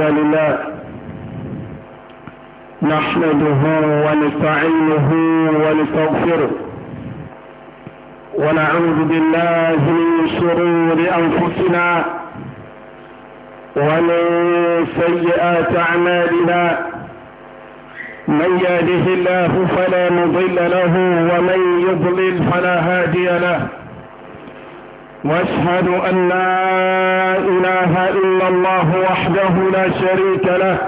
لله نحمده ونستعينه ونستغفره ونعوذ بالله من شرور أنفسنا ومن سيئات أعمالنا من يهده الله فلا مضل له ومن يضلل فلا هادي له واشهد ان لا اله الا الله وحده لا شريك له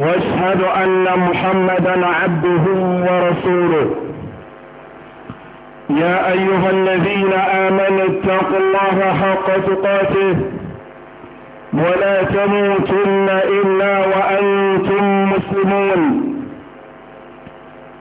واشهد ان محمدا عبده ورسوله يا ايها الذين امنوا اتقوا الله حق تقاته ولا تموتن الا وانتم مسلمون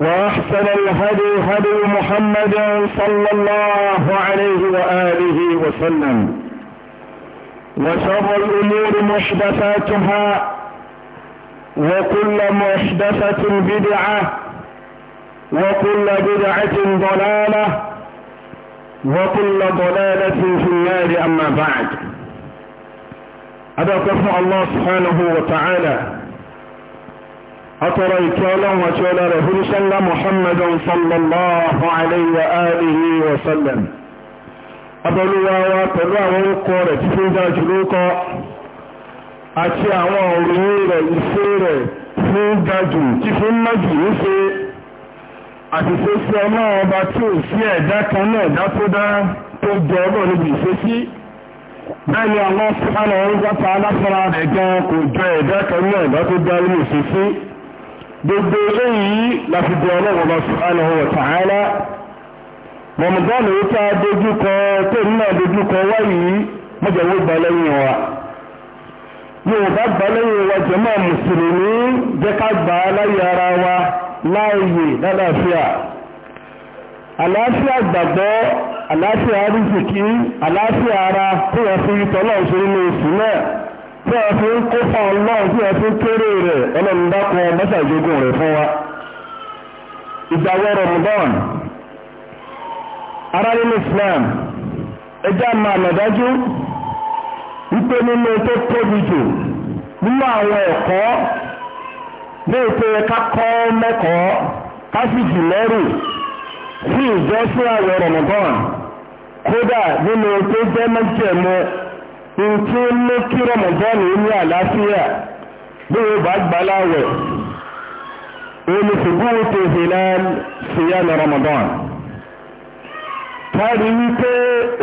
وأحسن الهدي هدي محمد صلى الله عليه وآله وسلم وشر الأمور محدثاتها وكل محدثة بدعة وكل بدعة ضلالة وكل ضلالة في النار أما بعد هذا كفر الله سبحانه وتعالى أترى الكالا وشولا رسول صلى محمد صلى الله عليه وآله وسلم أبلوا وقرى وقرى تفيدا جلوكا àti àwọn ọ̀rọ̀ rẹ̀ ìṣe rẹ̀ fún gajù tí fún mọ́jù ń ṣe àtìṣesí ọlọ́run ọba tí ò sí ẹ̀dá kan náà dátódá tó jẹ ọgbọ̀ níbi ìṣesí bẹ́ẹ̀ ni àwọn sùpánà ń gbápa aláfẹ́ra rẹ̀ gan kò jọ ẹ̀dá kan náà dátódá níbi ìṣesí gbogbo eléyìí la fi bẹ ọlọ́wọ́ subhanahu wa ta'ala rọmọdánù yìí tá a dojú kọ tóun náà dojú kọ wáyìí lẹ́yìn wa yorùbá gba lẹ́yìn wa jàmá mùsùlùmí jẹ́ ká gbà á láyé ara wa láàyè lálàáfíà àlàáfíà gbàgbọ́ àlàáfíà rìsìkì àlàáfíà ara tó yẹ fún ìtọ́lọ́ọ̀ṣẹ́ nínú oṣù tí a fi ń kó fún ọlọ́run tí a fi ń kéré rẹ̀ ọlọ́run dákun mọ́sàgógún rẹ̀ fún wa. ìgbàwọ́ Ramadan ará nínú Islam ẹjá máa nà dájú wípé nínú tó tóbi jù nínú àwọn ẹ̀kọ́ ní ètò ẹ̀ka kọ́ mẹ́kọ̀ọ́ ká sì jù lẹ́rù sí ìjọ́sí àwẹ̀ kódà nínú tó jẹ́ mẹ́jẹ̀mú nǹkan ó lé kí rọmọdọ́nù ní àlàáfíà bí wọ́n bá gbaláwẹ̀ òun ṣùgbọ́n tó hilal síyáàmì rọmọdọ́nù káàdì wípé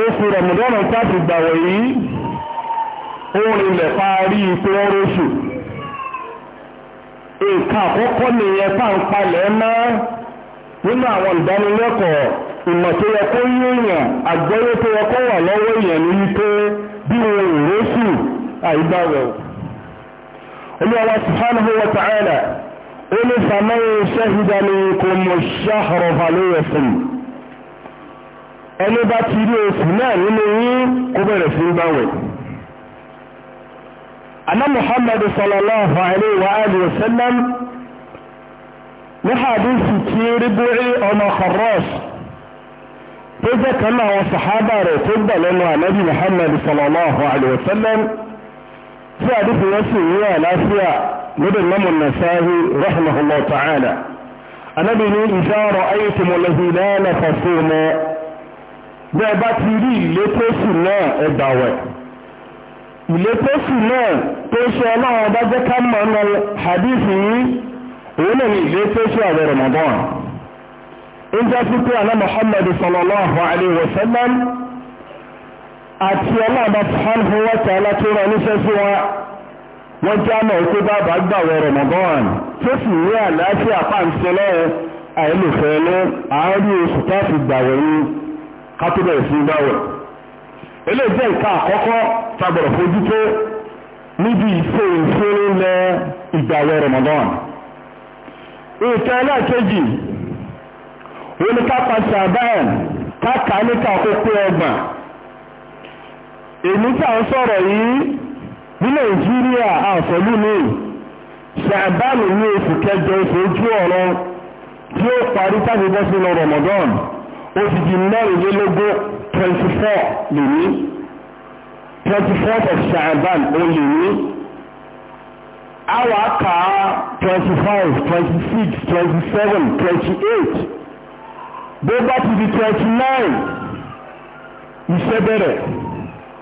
oṣù rọmọdọ́nù sáfì gbàwẹ̀ yìí òun ilẹ̀ parí ipò ọrọ̀ṣù nǹkan àkọ́kọ́ nìyẹn pàǹpalẹ̀ mọ́ nínú àwọn ìdánilẹ́kọ̀ọ́ ìmọ̀ tó yẹ kó yéèyàn àgbọ́yé tó yẹ kó wà lọ́wọ́ èèyàn ní wípé bí òòrò sù àìbáwẹ̀ olúwa subhanahu wa ta'ala ó ní sàmáyé ṣẹ́hìdá ní kò mọ̀ ṣáhọ̀rọ̀ fàlóyẹ̀sìn ẹni bá ti rí oṣù náà nínú yín kó bẹ̀rẹ̀ sí gbáwẹ̀ anna muhammad sallallahu alaihi wa alihi wasallam ní hadisi tí rí bóyí ọmọ kharras tó jẹ́ kan náà àwọn sàhábà rẹ̀ tó gbà lẹ́nu ànábì muhammad sallallahu alayhi wa sallam tí àdúgbò wọn sì ní àlàáfíà lóde mọ́mù nasahi rahmahullah ta'ala ànábì ní idha ra'aytum al-hilala fasumu bí ẹ bá ti rí ìlétòsù náà ẹ gbàwẹ̀ ìlétòsù náà tó ṣe ọlọ́run bá jẹ́ ká mọ̀ ọ́nà hadith yìí òun náà ní ìlétòsù àwẹ̀ ramadan ìjọ títí àná Muhammad sallallahu alayhi wa sallam àti ọlọ́ọ̀bá subhanahu wa ta'ala tó rán níṣẹ́ sí wa wọ́n já mọ̀ pé bàbá gbàwẹ̀ Ramadan tó sì ní àlàáfíà pàǹsẹ̀lẹ̀ àìlùfẹ́ ní àárín oṣù táàfì gbàwẹ̀ ní kátóbẹ̀ sí gbàwẹ̀ eléyìí jẹ́ àkọ́kọ́ tagbọ̀rọ̀ fojú tó níbi ìṣe ìṣe lẹ ìgbàwẹ̀ Ramadan nǹkan ẹlẹ́ẹ̀kejì ó ní kápá ṣàbáyàn káàkà níta kókó ọgbọ̀n èmi tí a ń sọ̀rọ̀ yìí ní nàìjíríà àfọ̀lú mi ṣàbáyàn ní oṣù kẹjọ oṣù ojú ọ̀rọ̀ tí ó parí sáfi bọ́ sínú Ramadan oṣù di mẹ́rìnlélógún twenty four lèmi twenty four of ṣàbáyàn ó lèmi àwa kà á twenty five twenty six twenty seven twenty eight bó bá ti di twenty nine iṣẹ́ bẹ̀rẹ̀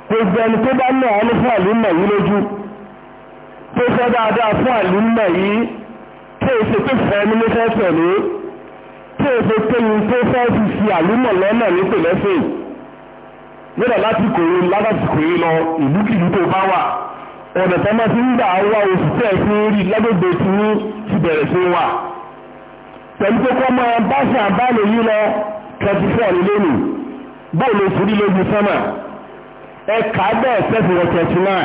gbogbo ẹni tó bá náà wọn fún àlùmọ̀ yìí lójú tó fẹ́ dáadáa fún àlùmọ̀ yìí tí èsì tó fẹ́ ẹni ló fẹ́ tẹ̀lé tí èsì péyìn tó fẹ́ fi fi àlùmọ̀ lọ́nà ní pèlẹ́fẹ̀ nígbà láti kòye láti kòye lọ ìlúkìlú tó bá wà ọ̀dọ̀ tó máa ti ń gbà wá oṣù tẹ̀ fún rí lágbègbè tí ti bẹ̀rẹ̀ sí wà pẹ̀lú pé kọ́ máa bá ṣàbálẹ̀ yìí lọ twenty four lónìí bóòlù òfurufú lójú sọ́mà ẹ kà á bẹ́ẹ̀ sẹ́fì wọ twenty nine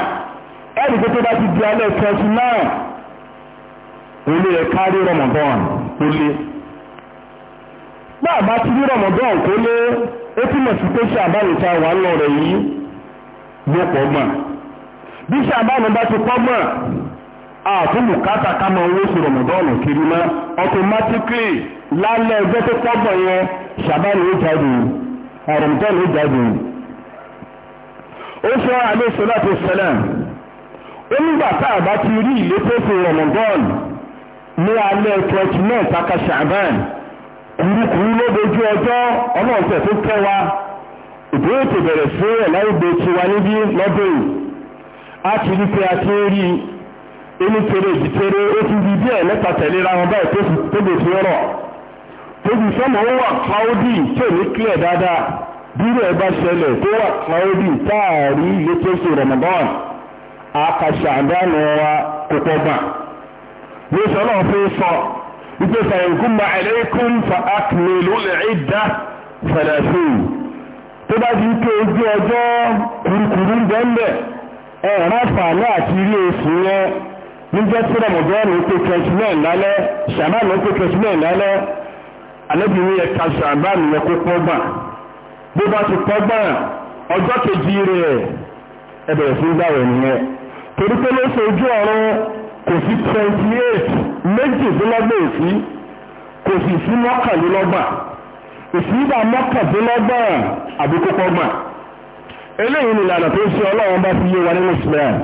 ẹ̀rì pé tó bá ti di alẹ́ twenty nine olè ẹ̀ kárí rọmọdọ́n tó lé báà bá ti rí rọmọdọ́n tó lé ó túmọ̀ sí pé ṣàbálẹ̀ ta wà ń lọ rẹ̀ yìí ló pọ̀ mọ̀ bí ṣàbálẹ̀ bá ti pọ̀ mọ̀ àfún bùkátà ká máa owó sí rọmọdọ́ọ̀nù kiri mọ́ automatically lálẹ́ ẹgbẹ́ tó pọ́bọ̀ yẹn ṣàbánu ó jáde rọmọdọ́ọ̀nù ó jáde. ó sọ alẹ́ sọlá tó ṣẹlẹ̀ ó nígbà tá a bá ti rí ìlétòsí rọmọdọ́ọ̀nù ní alẹ́ twenty nine taka ṣàbán kúrúkúrú ló dojú ọjọ́ ọlọ́ọ̀tẹ̀ tó kẹ́ wa ìbéèrè tó bẹ̀rẹ̀ sí ẹ̀ láì gbé tiwa níbí lọ́dún yìí a ti rí pé a ti rí i elékeré ìdíkeré ó fi di díẹ̀ mẹ́ta tẹ̀léra wọn báyìí tó lè fi rọ̀ tóbi sọ́mọ̀ ó wà cloudy tí ò ní clear dáadáa bí rẹ̀ bá ṣẹlẹ̀ tó wà cloudy táàrí létòsí Ramadan àkàṣà àdánù wa kò pọ̀ gbà ní sọ́nà fún sọ wípé fàyẹ̀kú ma ẹ̀lẹ́kùn fa akmilu al-idda fẹ̀lẹ́fìn tó bá ti ké ojú ọjọ́ kùrùkùrù bẹ́ẹ̀ ẹ̀rọ àfààní àti ilé oṣù yẹn níjẹ́ sí rọmọdọ́ọ̀nù ó pé twenty nine lálẹ́ ṣàbáàmù ó pé twenty nine lálẹ́ alẹ́bìnrin yẹn ka ṣàbáàmù yẹn kó pọ́gbà bó bá ti pọ́gbà ọjọ́ kejì rẹ̀ ẹ bẹ̀rẹ̀ sí gbàwẹ̀ nìyẹn torí pé lóṣù ojú ọ̀run kò sí twenty eight méjìdínlọ́gbọ̀n èsì kò sì sí mọ́kànlélọ́gbà èsì ìgbà mọ́kàndínlọ́gbà àbíkó pọ́gbà eléyìí ni ìlànà tó ń ṣe ọlọ́run bá fi yé wa nínú Islam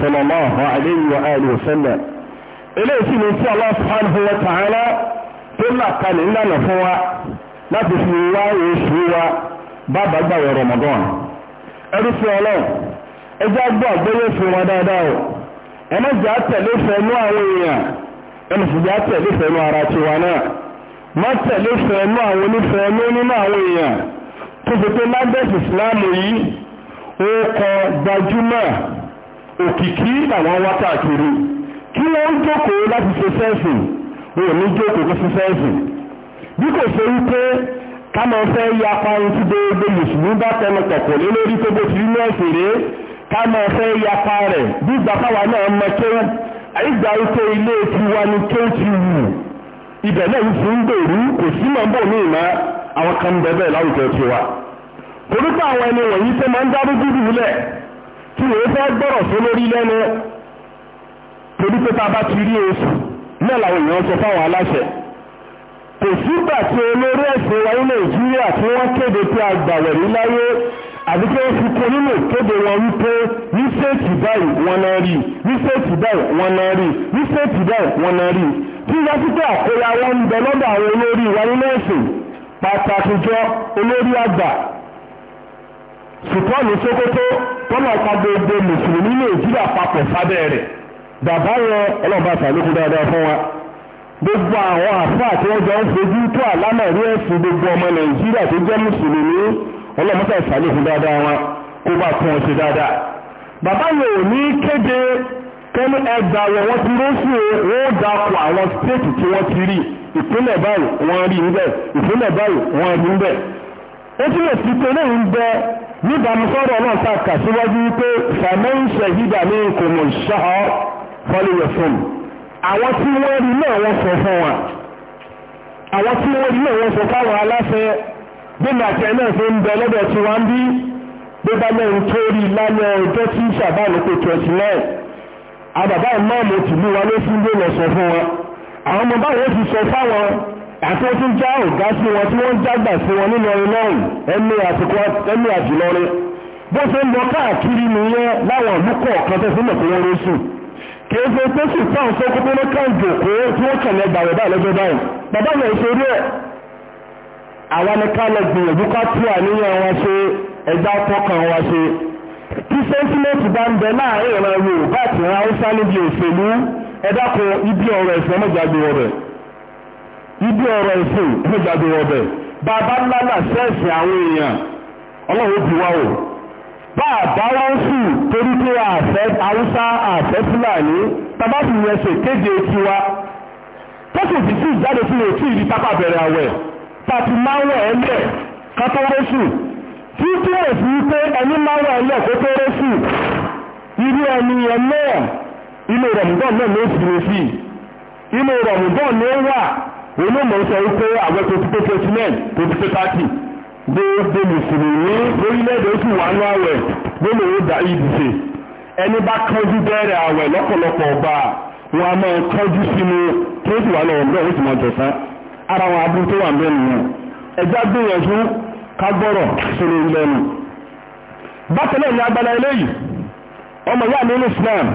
sallallahu alayhi wa alihi wa sallam eléyìí ni sí Allah subhanahu wa ta'ala tó là kalẹ̀ ńlànà fún wa láti fi wá oṣù wa Ramadan ẹrú sí ọlọ́run ẹjẹ́ àgbọ̀ àgbẹ̀yẹ̀ fún wa dáadáa o ẹnẹ́jà tẹ̀lé fẹ́nu àwọn èèyàn ya? tẹ̀lé fẹ́nu ara tiwa náà má tẹ̀lé fẹ́nu àwọn onífẹ́nu nínú àwọn èèyàn tó fi pé ìsìláàmù yìí kọ gbajúmọ̀ òkìkí làwọn wá káàkiri kí wọ́n ń jókòó láti ṣe sẹ́ẹ̀sìn wọn ò ní jókòó kó ṣe sẹ́ẹ̀sìn bí kò ṣe wípé ká máa fẹ́ ya parun tí gbogbo mùsùlùmí bá tẹnu kọ̀kọ̀ lé lórí tó bó ti rí náà ṣeré ká máa fẹ́ ya pa rẹ̀ bí ìgbà náà mọ kéwù àyígbà ilé kéwù ti wù náà ń kí wọ́n fẹ́ gbọ́rọ̀ sí lórí lẹ́nu torí pé tá a bá ti rí oṣù náà làwọn èèyàn sọ fáwọn aláṣẹ kò sígbà tí olórí ẹ̀sìn wa ní nàìjíríà tí wọ́n kéde pé àgbàwẹ̀ ní láyé àti pé ó fi kó nínú kéde wọn wípé ní séètì báyìí wọn náà rí ní séètì báyìí wọn náà rí ní séètì báyìí wọn náà rí tí wọ́n ti pé àkóyawọ́ ń bẹ lọ́dọ̀ àwọn olórí wa nínú ẹ̀sìn pàtàkì jọ olórí àgbà sùpọ́ọ̀lù Sókótó tọ́lọ̀ pa gbogbo mùsùlùmí Nàìjíríà papọ̀ sábẹ́ rẹ̀ bàbá yẹn ọlọ́ba àtàlókù dáadáa fún wa gbogbo àwọn àfáà tí wọ́n jọ ń fojú tó àlámà rí ẹ̀sìn gbogbo ọmọ Nàìjíríà tó jẹ́ mùsùlùmí ọlọ́mọta ìsàlẹ̀kù dáadáa wa kó bá tún ọ ṣe dáadáa bàbá yẹn ò ní kéde kẹ́ni ẹgbà rẹ̀ wọ́n ti lóṣù wọ́n dàpọ̀ àwọn stéètì tí wọ́n ti rí ìpínlẹ̀ báyìí wọ́n rí níbẹ̀ ìpínlẹ̀ báyìí wọ́n rí níbẹ̀ ó túnbọ̀ sí pé náà ń bẹ níbàámu sọ́dọ̀ náà ta kà síwájú wípé sàmẹ́yìn ṣẹ̀hídà ní kò mọ̀ ṣáà fọ́lẹ́yẹ fún mi àwọn tí wọ́n rí náà wọ́n sọ fún wa àwọn tí wọ́n rí náà wọ́n sọ fáwọn aláṣẹ bímọ àti ẹ̀ náà ṣe ń bẹ lọ́dọ̀ tí wọ́n ń bí bí bá mẹ́rin tó rí lálẹ́ ọjọ́ tí ṣàbánu pé twenty nine àbàbá ìmáàmù tìlú wa ló fún ló lọ sọ fún wa àwọn ọmọ báwo ti sọ fáwọn àti tí ń já ọ̀gá sí wọn tí wọ́n wọn lọ́rùn ẹni ẹni àjùlọrin bó ṣe ń lọ káàkiri nìyẹn láwọn fi mọ̀ pé wọ́n ló sùn kì í ṣe pé sùn táwọn sókútó ní káńjò kó tí wọ́n kàn lẹ́gbàá rẹ̀ báyìí lọ́jọ́ báyìí bàbá mi ṣe rí ẹ̀ ni ká lọ gbìyànjú ká tú àníyàn wa ṣe ẹja tọkàn wa ṣe tí sẹ́ńtímẹ́ǹtì bá ń bẹ láàárín ìran Yorùbá àti ìran Haúsá níbi òṣèlú ibi ọ̀rọ̀ ẹ̀sìn ọmọ ibi ọ̀rọ̀ ẹ̀sìn ló gbàgbé ọbẹ̀ bàbá ńlá náà ṣẹ́ẹ̀sì àwọn èèyàn ọlọ́run ti wá o bàbá wọn sì torí pé àfẹ́ haúsá àfẹ́ fúlàní bàbá sì yẹn ṣe kéde tiwa tó sì fi sí ìjáde sí ètí ìdí pápá bẹ̀rẹ̀ àwẹ̀ tàbí máa ń wẹ̀ ẹ́ lẹ̀ kátó rẹ́sù tí tí ẹ̀ sí pé ẹni máa ń irú ẹni inú náà ló sì sí inú ló wà inú mọ̀ sọ wípé àwọn tó ti pé twenty nine tó ti pé thirty gbogbo mùsùlùmí lórílẹ̀‐èdè ó sì wà ní àwẹ̀ gbogbo owó dá ibùsè ẹni bá kánjú bẹ̀rẹ̀ àwẹ̀ lọ́pọ̀lọpọ̀ ọba wọn a máa kánjú sínú tó sì wà lọ́wọ́ bẹ́ẹ̀ ó sì máa jọ̀sán ara wọn aburú tó wà bẹ́ẹ̀ nìyẹn ẹja gbìyànjú ká gbọ́rọ̀ sórí lẹ́nu. bákan náà ni abala eléyìí ọmọ yáà nínú Islam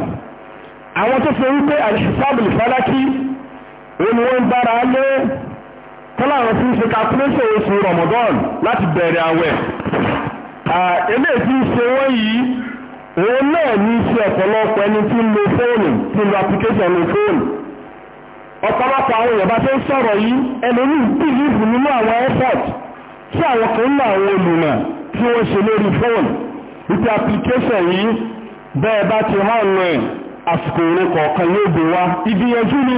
àwọn tó fi wípé àìsísáàbùlù fálákì òun ni wọ́n ń dára lé tọ́láwọn tí ń ṣe calculation oṣù Ramadan láti bẹ̀rẹ̀ àwẹ̀ eléyìí tí ń ṣe wọ́n yìí òun náà ní í ṣe ọ̀pọ̀lọpọ̀ ẹni tí ń lo fóònù tí ń lo application lo fóònù ọ̀pọ̀lọpọ̀ àwọn èèyàn bá ṣe ń sọ̀rọ̀ yìí ẹlòmí bìlíìfù nínú àwọn effort tí àwọn kan ń lo àwọn olùmọ̀ tí wọ́n ṣe lórí fóònù ìpè application yìí bẹ́ẹ̀ bá ti hàn ní àsìkò òun kọ̀ọ̀kan yóò gbé wá ìgbìyànjú ni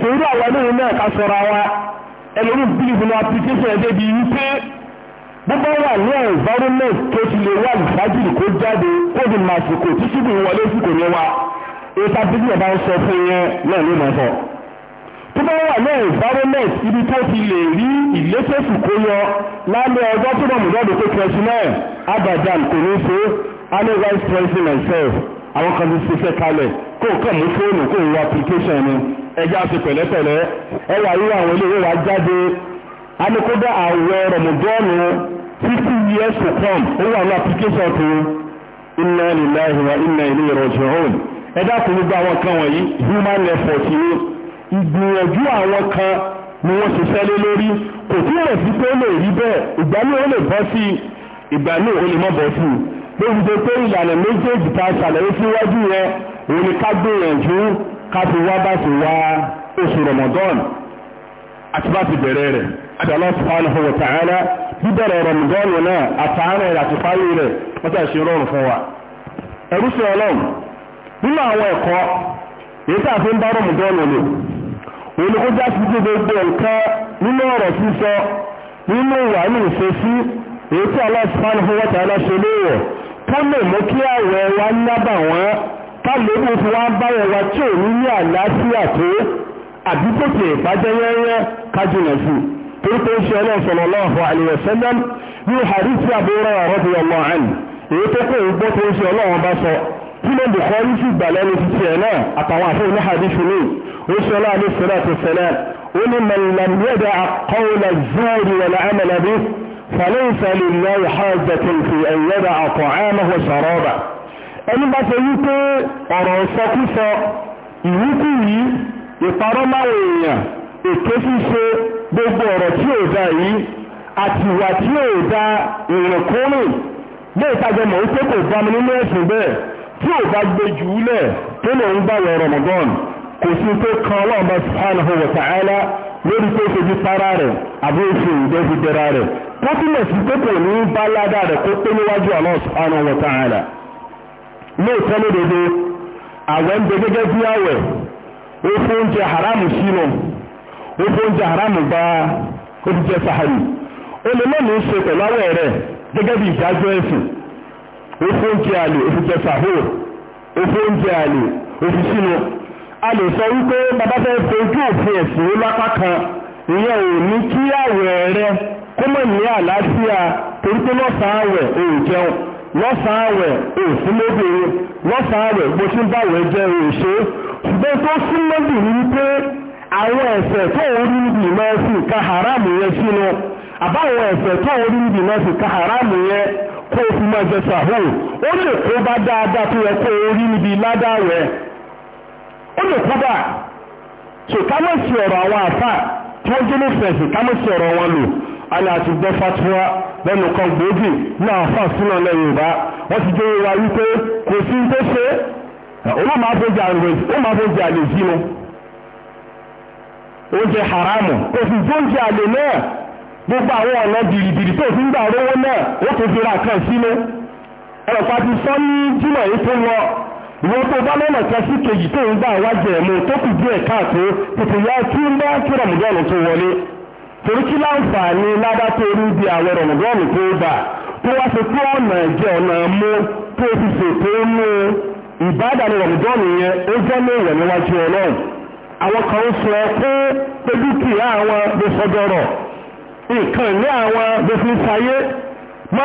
torí àwọn ẹlẹ́yìn náà ká sọ̀rọ̀ wa ẹlẹ́yìn bíi ìfúnná application ẹ̀ débi wípé bọ́bá wà ní environment tó ti lè wà ìfájìlì kó jáde kóbi màsìkò tí síbi ìwọlé sí kò ní wa ètò àbíbí ọba ń sọ fún yẹn náà ló máa sọ. tó bá wà ní environment ibi tó ti lè rí ìlẹ́sẹ̀sì kó yọ lálẹ́ ọjọ́ tó bá mùjọ́dọ̀ tó kẹsì náà abadan kò ní ṣe alẹ́ vice president myself àwọn kan ti ṣiṣẹ́ kalẹ̀ kó kàn mú fóònù kó wọ application ni ẹja ṣe pẹ̀lẹ́pẹ̀lẹ́ ẹ wà irú àwọn ilé wa jáde anikoda àwẹ̀ rọ̀mùdọ́ọ̀nù fifty years to come ó wà ní application tó inna lillahi wa inna ilayhi raji'un ẹja kò ní gba àwọn kan wọ̀nyí human effort ni ìgbìyànjú àwọn kan ni wọ́n ṣiṣẹ́ lé lórí kò tí ò rẹ̀ sí pé ó lè rí bẹ́ẹ̀ ìgbà ní ó lè bọ́ sí ìgbà ní ó lè má bọ́ sí i. gbogbo tó pé ìlànà méjèèjì ta ṣàlàyé síwájú rẹ òun ni ká gbìyànjú ká fi wá bá sì wá oṣù àti bá ti bẹ̀rẹ̀ rẹ̀ wa ta'ala bíbẹ̀rẹ̀ wa ẹ̀rú sí ọlọ́run nínú àwọn ẹ̀kọ́ èyí tá a fi ń bá Ramadan lò òun ni kó já sí gbogbo nǹkan nínú ọ̀rọ̀ sísọ nínú ìwà tó lè mú kí àwẹ̀ wa lábà wọ́n tálébù fún wa báyẹ̀ wa tí ò ní ní àlàáfíà tó àbí tó tẹ̀ bájẹ́ yẹ́yẹ́ kájùnà sí torí pé ṣe ọlọ́run sallallahu alaihi wasallam ní hàrísí àbúrò radiyallahu anhu èyí tó kó ìgbó tó ń ṣe ọlọ́run bá sọ kí ló lè kọ́ yíṣù gbàlẹ́ ní títí ẹ̀ náà àtàwọn àfẹ́ ní hàrísí ní oṣù ọlọ́run sallallahu alaihi wasallam ó ní man lam yada qawla az-zuri wal amala bihi فليس لله حاجة في أن يدع طعامه وشرابه ẹni bá ṣe wípé ọ̀rọ̀ ìsọkúsọ ìwúkú yìí ìparọ́ máa èèyàn èké ṣíṣe gbogbo ọ̀rọ̀ tí ò da yìí àtìwà tí ò da ìrìnkúrìn lè tajà mọ̀ wípé kò bá mi nínú ẹ̀sìn bẹ́ẹ̀ tí ò bá gbé jù ú lẹ̀ tó lòun bá wọ Ramadan kò sí tó kan ọlọ́run bá subhanahu wa ta'ala lórí tó ṣe dípara rẹ̀ àbí oṣù ìdẹ́ dẹ́ra rẹ̀ tó túnmọ̀ sí pé kò ní bá ládàá rẹ̀ kó pé níwájú lóòótọ́ àwẹ̀ ń bẹ gẹ́gẹ́ bí àwẹ̀ ó fún oúnjẹ haramu sínú ó fún oúnjẹ haramu oúnjẹ ó lè mọ́ ní í ṣe pẹ̀lú àwẹ̀ rẹ̀ gẹ́gẹ́ bí ìdájọ́ ẹ̀sìn ó fún oúnjẹ àlè ó fún oúnjẹ àlè a lè sọ wípé bàbá fẹ́ fojú òfin ẹ̀sìn lápá kan ìyẹn ò ní kí àwẹ̀ rẹ kó mọ̀ ní àlàáfíà torí pé lọ́sàn-án àwẹ̀ ò jẹun lọ́sàn-án àwẹ̀ ò sí lóbìnrin lọ́sàn-án àwẹ̀ bó ti ń bàwẹ̀ jẹ ò ṣe ṣùgbọ́n tó sí lóbì ní wípé àwọn ẹ̀ṣẹ̀ tó ń rí níbi ìmọ̀ ẹ̀sìn ká haramu yẹn sínú àbáwọn tó rí níbi ìmọ̀ ẹ̀sìn ká haramu yẹn kó o fi máa jẹ sàhóò ó lè kó bá dáadáa tó yẹ kó o rí níbi ládàá ó lè a so ká mọ̀ sí ọ̀rọ̀ àwọn àfà tí wọ́n jẹ́ lẹ́sẹ̀ẹ̀sì ká mọ̀ sí ọ̀rọ̀ wọn lò alẹ́ àti gbọ́ fatuwa lẹ́nu kan gbòógì ní àfà sínú wọ́n ti wa wípé kò haramu gbogbo àwọn ọ̀nà bìrìbìrì tó fi ń gbà rówó náà ó tó fi ra ìwọ́n tó bá lọ́nà kan sí kejì tó ń gbà wájú ẹ̀mú tó kù díẹ̀ káàtó tètè yá kí ń bá kí rọ̀mùdọ́ọ̀nù tó wọlé torí kí láǹfààní ládá tó rí bí àwọn rọ̀mùdọ́ọ̀nù tó gbà tó wá ṣe pé ọ̀nà ẹ̀jẹ̀ ọ̀nà mú tó fi ṣètò mú ìbádàní rọ̀mùdọ́ọ̀nù yẹn ó jẹ́ ní ìwẹ̀ níwájú ọlọ́run àwọn kan ń sọ pé pé dúkìá àwọn bó sọdọ̀rọ̀ nǹkan ní àwọn bó fi ń sayé má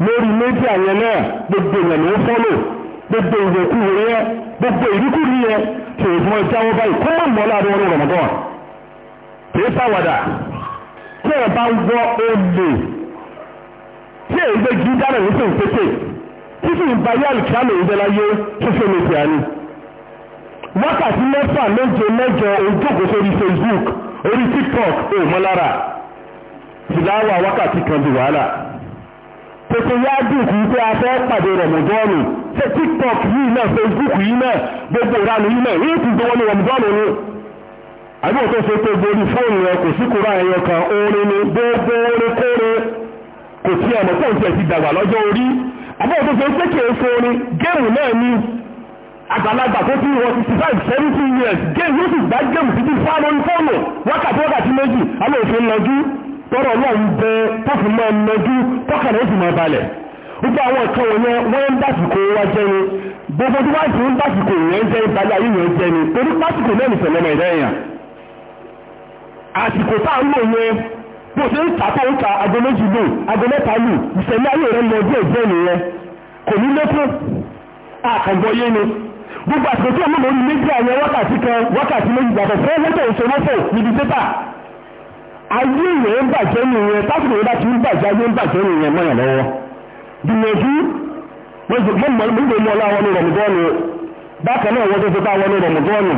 lórí méjì àyẹn náà gbogbo èèyàn ló ń fọ́lò gbogbo ìwẹ̀kúwò yẹn gbogbo ìríkùrí yẹn kì í mọ ìjáwọ́ báyìí kó má mọ́ láàrin orin rọ̀mọ́gán kì í ṣàwàdà tí ẹ̀ bá ń gbọ́ olè tí èyí gbé jí dára ní sèǹ pété tí sì ń ba yá ìkíámù ìdẹ́láyé social media ni wákàtí mẹ́fà méje mẹ́jọ ojókòó sórí Facebook orí TikTok ò mọ́ lára tìláwà wákàtí kan di wàhálà tètè yá dùn kí pé a fẹ́ pàdé rọ̀mọ̀dọ́nù ṣe tiktok yìí náà facebook yìí náà gbogbo ìranù yìí náà yìí ti gbọ́wọ́ ní rọ̀mọ̀dọ́nù ni àbí òtún ṣe pé borí fóònù rẹ kò sí kúrò àyẹ̀yẹ kan orin ni gbogbo orin kóre kò sí ọ̀nà tó ń tẹ̀ ti dàgbà lọ́jọ́ orí àbí òtún ṣe pé kì í ṣe orin géèmù náà ni àgbàlagbà tó ti wọ sixty five seventy years géèmù yóò sì gbá géèmù títí fáwọn orí fóònù wákàtí wákàtí méjì àbí òfin lọ́jú tọrọ náà bẹ tọ́fù balẹ̀ gbogbo àwọn ẹ̀kọ́ wọn yẹn wọ́n ń dásìkò wá gbogbo tí wọ́n ń dásìkò jẹ́ ayé torí pásìkò náà nìṣẹ̀ lọ́mọ ìdá àsìkò tá à ń lò yẹn bó ṣe ń tàpá ń méjì lò mẹ́ta ni gbogbo àsìkò tí wọ́n mọ̀ lórí ayé ìyẹn ń bàjẹ́ nìyẹn tásìkò yẹn bá ti ń bàjẹ́ ayé ń bàjẹ́ nìyẹn mọ́yàn lọ́wọ́ gbìyànjú mọ́jọ́mọ́ ọláwọ́ ní rọ̀mùdọ́ọ̀nù bákan náà wọ́n tó fi táwọn ní rọ̀mùdọ́ọ̀nù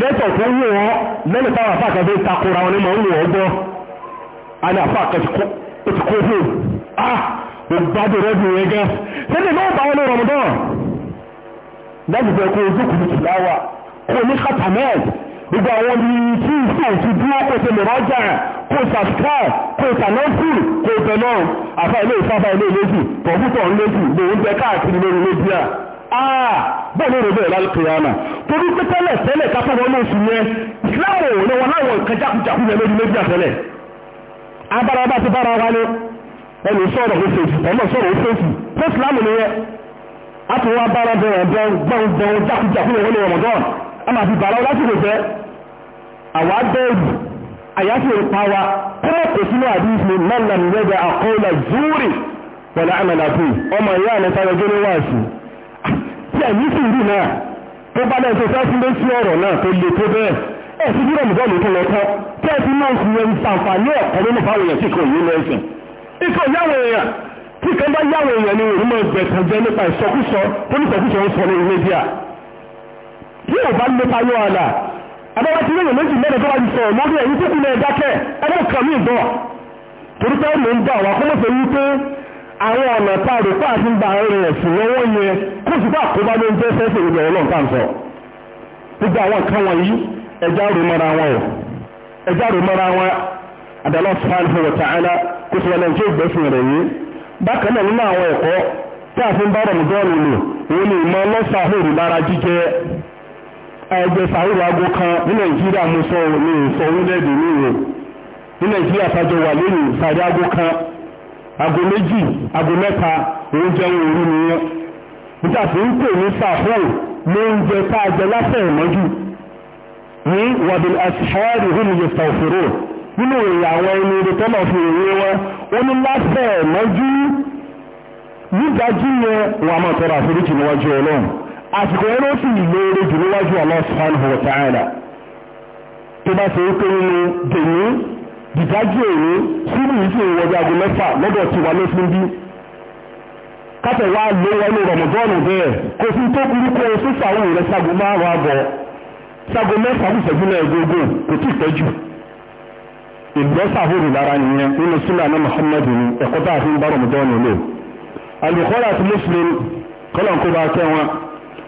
lẹ́tọ̀ tó wù wọ́n lẹ́nu táwọn afá kan fi takora wọn ní mọ̀ ń wù ọ́ gbọ́ àní afá kan ti kó fún un ah ògbádùn rẹ̀ bù yẹn gan sẹ́ni náà bá wọn ní rọ̀mùdọ́ọ̀nù gbogbo àwọn ibi tí ìṣe ti dúró kó ṣe lè rọ́jà kó subscribe kó ṣàlọ́sì kó tẹ̀lé àfa ilé ìfáfá ilé ìlẹ́jì kọ̀ǹpútọ̀ ńlẹ́jì lòún jẹ káàkiri lórí lẹ́jì à ah, bẹ́ẹ̀ ló rẹ̀ bẹ́ẹ̀ lálùkìyàmà torí pé tẹ́lẹ̀ tẹ́lẹ̀ kápẹ́ wọn lóṣù yẹn ìsìláàmù ò ní wọn láwọn nǹkan jákujàku yẹn lórí lẹ́jì àtẹ́lẹ̀ abára bá ti bára wa ní ẹni sọ̀rọ̀ òfèèfì ọmọ sọ̀rọ̀ òfèèfì fẹ́sìláàmù ni yẹ a ti wá bára bẹ̀rẹ̀ bẹ́ẹ̀ gbọ́n gbọ́n jákujàku yẹn lórí ọmọdọ́ọ̀nù ọmọ àti bàrá lásìkò jẹ́ àwa bẹ́ẹ̀rù àyàfi òpa wa kọ́mọ̀ kò sínú àdíṣe mọ́nà nígbà àkọọ́lá zúúrì pẹ̀lú àmàlàbù ọmọ ìyá àmì sáré gbé níwáàsì tí ẹ̀mí sì rí náà tó bá lẹ́sẹ̀ sẹ́sí lé sí ọ̀rọ̀ náà tó le tó bẹ́ẹ̀ ẹ̀ sí bí rẹ̀mùbọ́ mi tó lọ tọ́ tí ẹ̀ sí náà fi yẹn sàǹfààní ọ̀kọ́ nínú fáwọn èèyàn tí kò yé lọ ẹ̀sìn ikọ̀ yáwọ̀ èèyàn tí kan bá yáwọ̀ èèyàn ni òun mọ̀ ẹgbẹ̀tàn jẹ́ nípa ìsọkúsọ tó ní ìsọkúsọ ń sọ ní ilé bíà tí ọ̀bá ń lépa yọ ọ̀la àbáwá ti lóyún méjì mẹ́rin tó bá ti sọ̀rọ̀ lórí ẹ̀yìn tó kúnlẹ̀ dákẹ́ ẹgbẹ́ kan mí torí pé ọ̀nà ń dà wá kó mọ̀sẹ̀ yí pé àwọn ọ̀nà tá a pé àti ń gba àwọn èèyàn sùn lọ́wọ́ yẹn kó sì bá àkóbá ló ń jẹ́ gbogbo àwọn nǹkan wọ̀nyí ẹja rò mọ́ra wọn ẹja rò mọ́ra wọn ẹgbẹ́ sàárù aago kan ní nàìjíríà mo sọ òun ní ìsọ orílẹ̀-èdè ní ìwò ní nàìjíríà sájọ wà lónìí sàárù aago kan aago méjì aago mẹ́ta òun jẹun òru nìyẹn nígbà tí ń pè ní sàfó ló ń jẹ tá a jẹ lásẹ̀ ìmọ́jú ní wàbíl àṣìṣàárì hùn yẹ̀sà òfòrò nínú ìròyìn àwọn ẹni rẹ̀ tọ́lọ̀ fi ìròyìn wọn ó ní lásẹ̀ ìmọ́jú nígbàjú yẹn wọn a máa tọrọ àforíjì níwájú ọlọ́run àsìkò yẹn ló sì lóore jù níwájú Allah subhanahu wa ta'ala tó bá ṣe wípé nínú dèmí dìdájú èmi síbi yìí sì ń wọjọ aago mẹ́fà lọ́dọ̀ tiwa ló fi ń bí kátẹ̀ wá lé wọnú rọ̀mọ̀dọ́ọ̀nù bẹ́ẹ̀ kò sí tó burú kó o sísà òun rẹ̀ sago márùn àbọ̀ sago mẹ́fà kù sẹ́jú náà gógó kò tí ì pẹ́ jù ìgbẹ́sàhóòrì lára nìyẹn nínú súnà náà Muhammad ní ẹ̀kọ́ tá a fi ń bá rọ̀mọ̀dọ́ọ̀nù lò al àti Muslim kọ́lọ̀ ń kó bá kẹ́ wọn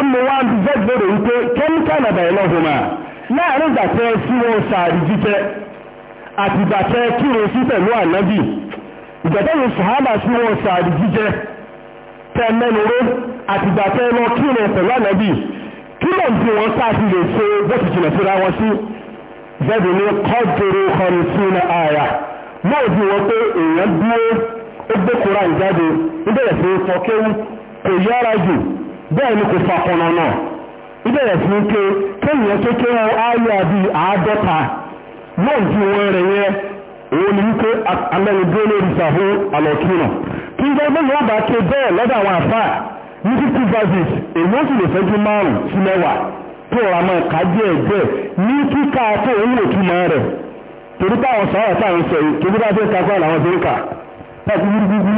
ọmọ wa ń bẹ́ gbèrò wípé kẹ́míkà nàbà ẹlọ́hùnmá láàrin ìgbà tẹ́ sí wọn sàárì jíjẹ àti ìgbà tẹ́ kírun sí pẹ̀lú ànábì ìgbà tẹ́yìn sàhábà sí wọn sàárì jíjẹ tẹ́ mẹ́nuró àti ìgbà tẹ́ lọ kírun pẹ̀lú ànábì kí ló ń fi wọn sáàtì lè ṣe bó ti jìnà síra wọn sí zẹ́bi ní kọ́dùrú kan sínú ààyà náà bí wọn pé èèyàn dúró ó gbé kóra ìjáde níbẹ̀rẹ̀ sí fọkéwú kò yára jù bẹ́ẹ̀ ni kò fakọ̀nà náà ìbẹ̀rẹ̀ sí pé kéèyàn tó kéwọ ayé àbí àádọ́ta náà ju wọn rẹ̀ yẹn òun ni wípé alẹ́ni dúró lórí ìṣàfù àlọ́kìnà kí n gbọ́dọ̀ yóò bá ké bẹ́ẹ̀ lọ́dọ̀ àwọn àfà ní fifty verses èyí ó sì lè fẹ́jú márùn-ún sí mẹ́wàá tó ra máa ká díẹ̀ díẹ̀ ní kíkà o òun ò túmọ̀ rẹ̀ torí báwọn sọ̀rọ̀ táwọn sọ̀rọ̀ torí bá fẹ́ kakọ́ làwọn tó ń kà táwọn gbígbí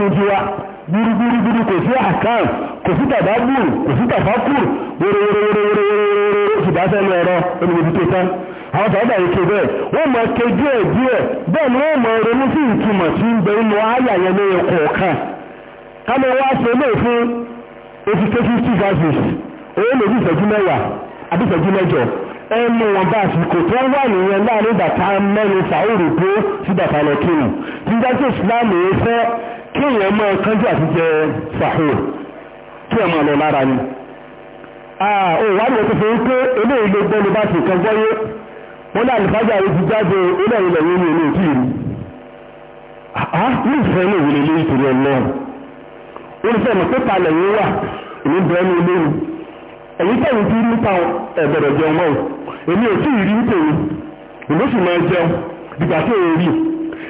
gbúrúgbúrúgbúrú kò sí àkàn kò sí tàbábù kò sí tàfákù wéréwéréwéréwéré ṣùgbọ́n ẹ̀rọ olùgbòbí tó tán àwọn tàbí àyíké bẹ́ẹ̀ wọ́n mọ̀ ké díẹ̀ díẹ̀ bẹ́ẹ̀ ni wọ́n mọ̀ ronú sí ìtumọ̀ tí ń bẹ inú ayà yẹn ní ẹ̀kọ́ kan kámẹ́ wá ṣe lé fún eighty to fifty verses èyí lè bí ìṣẹ́jú mẹ́wàá àbí ìṣẹ́jú mẹ́jọ ẹnu wọn bá àsìkò tó wà nìyẹn láàrin bàtà a sàúrù tó sí bàtà lọ́kìnù tí dájú ìsìlámù yẹn fẹ́ kí èèyàn máa kánjú àti jẹ sàhùn kí èèyàn lọ lára ni òwádìí ọtún fún pé eléyìí ló gbẹ́ni bá ti kan gbọ́yé wọ́n ní àlùfáàjà ti jáde ilẹ̀ ilẹ̀ yìí ní ìlú ìlú ní ìfẹ́ ní ilé olùfẹ́ mọ̀ pé palẹ̀ yìí wà bẹ́ẹ̀ ní ilé tí ẹ̀bẹ̀rẹ̀ jẹun mọ́ èmi ò tí ì rí ìlú sì máa jẹun dìgbà tí rí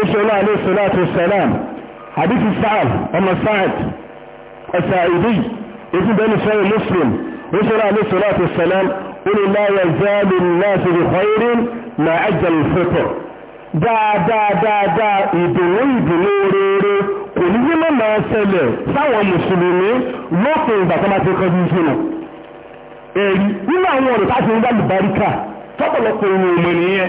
ìṣọ́lá aléṣọ́láàtò sẹ́lám àdífi sáàd ọmọ sáàd ẹ̀sà ìdí ìsìnbẹ̀lú sọ́rọ̀ muslim ìṣọ́lá aléṣọ́láàtò sẹ́lám oníláyà záàlù láti rí hàírín na ajal fẹ́tọ̀ dáadáadáa ìdùnnú ìdùnnú rere kò ní yíma máa ṣẹlẹ̀ sáwọn mùsùlùmí lópin ìgbà tó máa ti kọjú ìṣúná èyí nínú àwọn ọ̀rọ̀ táti ń dá lùbáríkà tọ́pọ̀lọpọ̀ ìwọ̀n òmìnir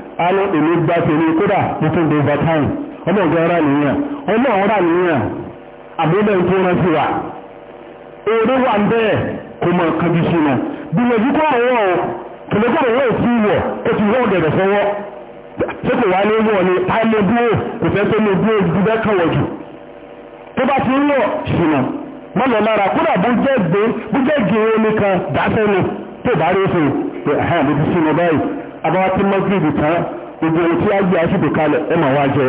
a ní èmi gba tèmi kódà nítorí the overtime ọmọ ọgá ọ̀rá nìyẹn ọmọ ọ̀rá nìyẹn àbúrò tó rán sí wa èrè wà ń bẹ́ẹ̀ kò mọ̀ kájú sí mọ́ gbìyànjú kọ́ ọ̀wọ́ o kìlẹ̀kọ́ ọ̀wọ́ ò sí wọ̀ ó ti wọ́ ọ̀gẹ̀dẹ̀ sọ́wọ́ ṣé kò wá ní wọ̀ ni a lè dúró kò fẹ́ tó lè dúró ju bẹ́ẹ̀ kàn wọ̀ jù tó bá ti ń wọ̀ sí mọ́ mọ́ lọ lára kódà bó jẹ́ gbé bó jẹ́ gbé omi kan dáṣẹ́ ni tó bá rí fún un ẹ̀hán àbí ti sí mọ́ báyìí àbáwá tí mọ́sídìí tán gbogbo ohun tí a gbé aṣíbi kalẹ̀ ẹ mà wá jẹ.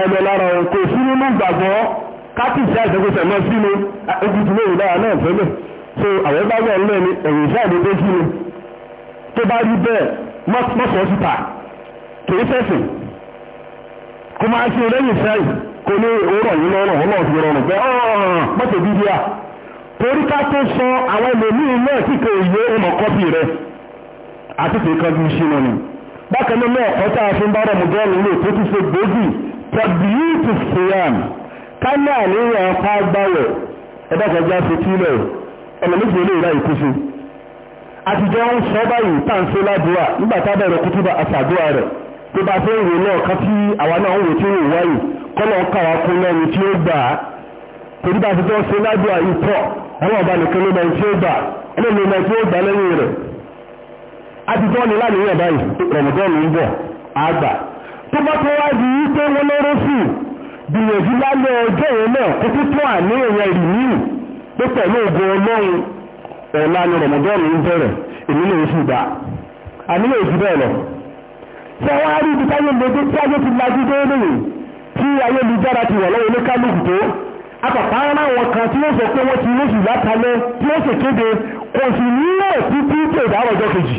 ẹ̀mẹ̀ lára òun kò sí nínú gbàgbọ́ kápìsì àìsàkóso náà sínú ojútùú lóyún lára náà fẹ́lẹ̀ so àwọn bá wà nílẹ̀ ni ẹ̀rù iṣẹ́ àdédé sínú tó bá rí bẹ́ẹ̀ mọ́sọ̀ síta kì í fẹ̀sìn kó máa ṣe lẹ́yìn sẹ́yìn kò ní òórọ̀ yìí lọ́rùn ọlọ́run fi rọrùn bẹ́ẹ̀ ọ̀ràn mọ́tò bíbí à torí ká tó sọ àwọn ẹlòmíín náà kíkọ òye ọmọ kọ́pì àti tèékọ́jú iṣẹ́ lọ́nà bákan náà ọ̀kọ́ tá a fi ń bá rọ̀mùdán nílé tó tún ṣe gbòógì tàbíyìtì siam ká ní àníyàn apá gbáwẹ̀ ẹ̀dọ́gbọ̀já ṣe kílẹ̀ ọ̀nà méjì olè ìrà ìkúṣe àtijọ́ ń sọ báyìí tá à ń ṣe ládùúrà nígbà tá bẹ̀rẹ̀ kútú bá rẹ̀ tó bá fẹ́ ìwé náà ká tí àwa náà ń wò tí ń wò wáyìí kọ́nà ń kàwá kún lẹ́nu tí ó gbà á torí bá àtijọ́ ṣe ládùúrà yìí pọ̀ ló tí ó gbà ló tí ó gbà lẹ́yìn rẹ̀ àtijọ́ ni láníyàn báyìí rọ̀mọ̀dọ́nù ń bọ̀ àgbà tó bá tó wá di wípé wọ́n lọ́rọ́ sí gbìyànjú lálẹ́ ọjọ́ yẹn náà kó tó tún àníyàn rì ní pé pẹ̀lú ògùn ọlọ́run ọ̀la ni rọ̀mọ̀dọ́nù ń bẹ̀rẹ̀ èmi lè fi gbà àníyàn èsì bẹ́ẹ̀ lọ. ṣé wọ́n á rí ibi táyé lójú tí ayé ti lajú dé lónìí tí ayélujára ti wà lọ́wọ́ oníkálukú tó àpapọ̀ ara wọn kan tí ó sọ pé wọ́n ti lóṣù látàlẹ́ tí ó sì kéde kò sì ní ẹ̀ títí tí ìdáwọ̀jọ́ kejì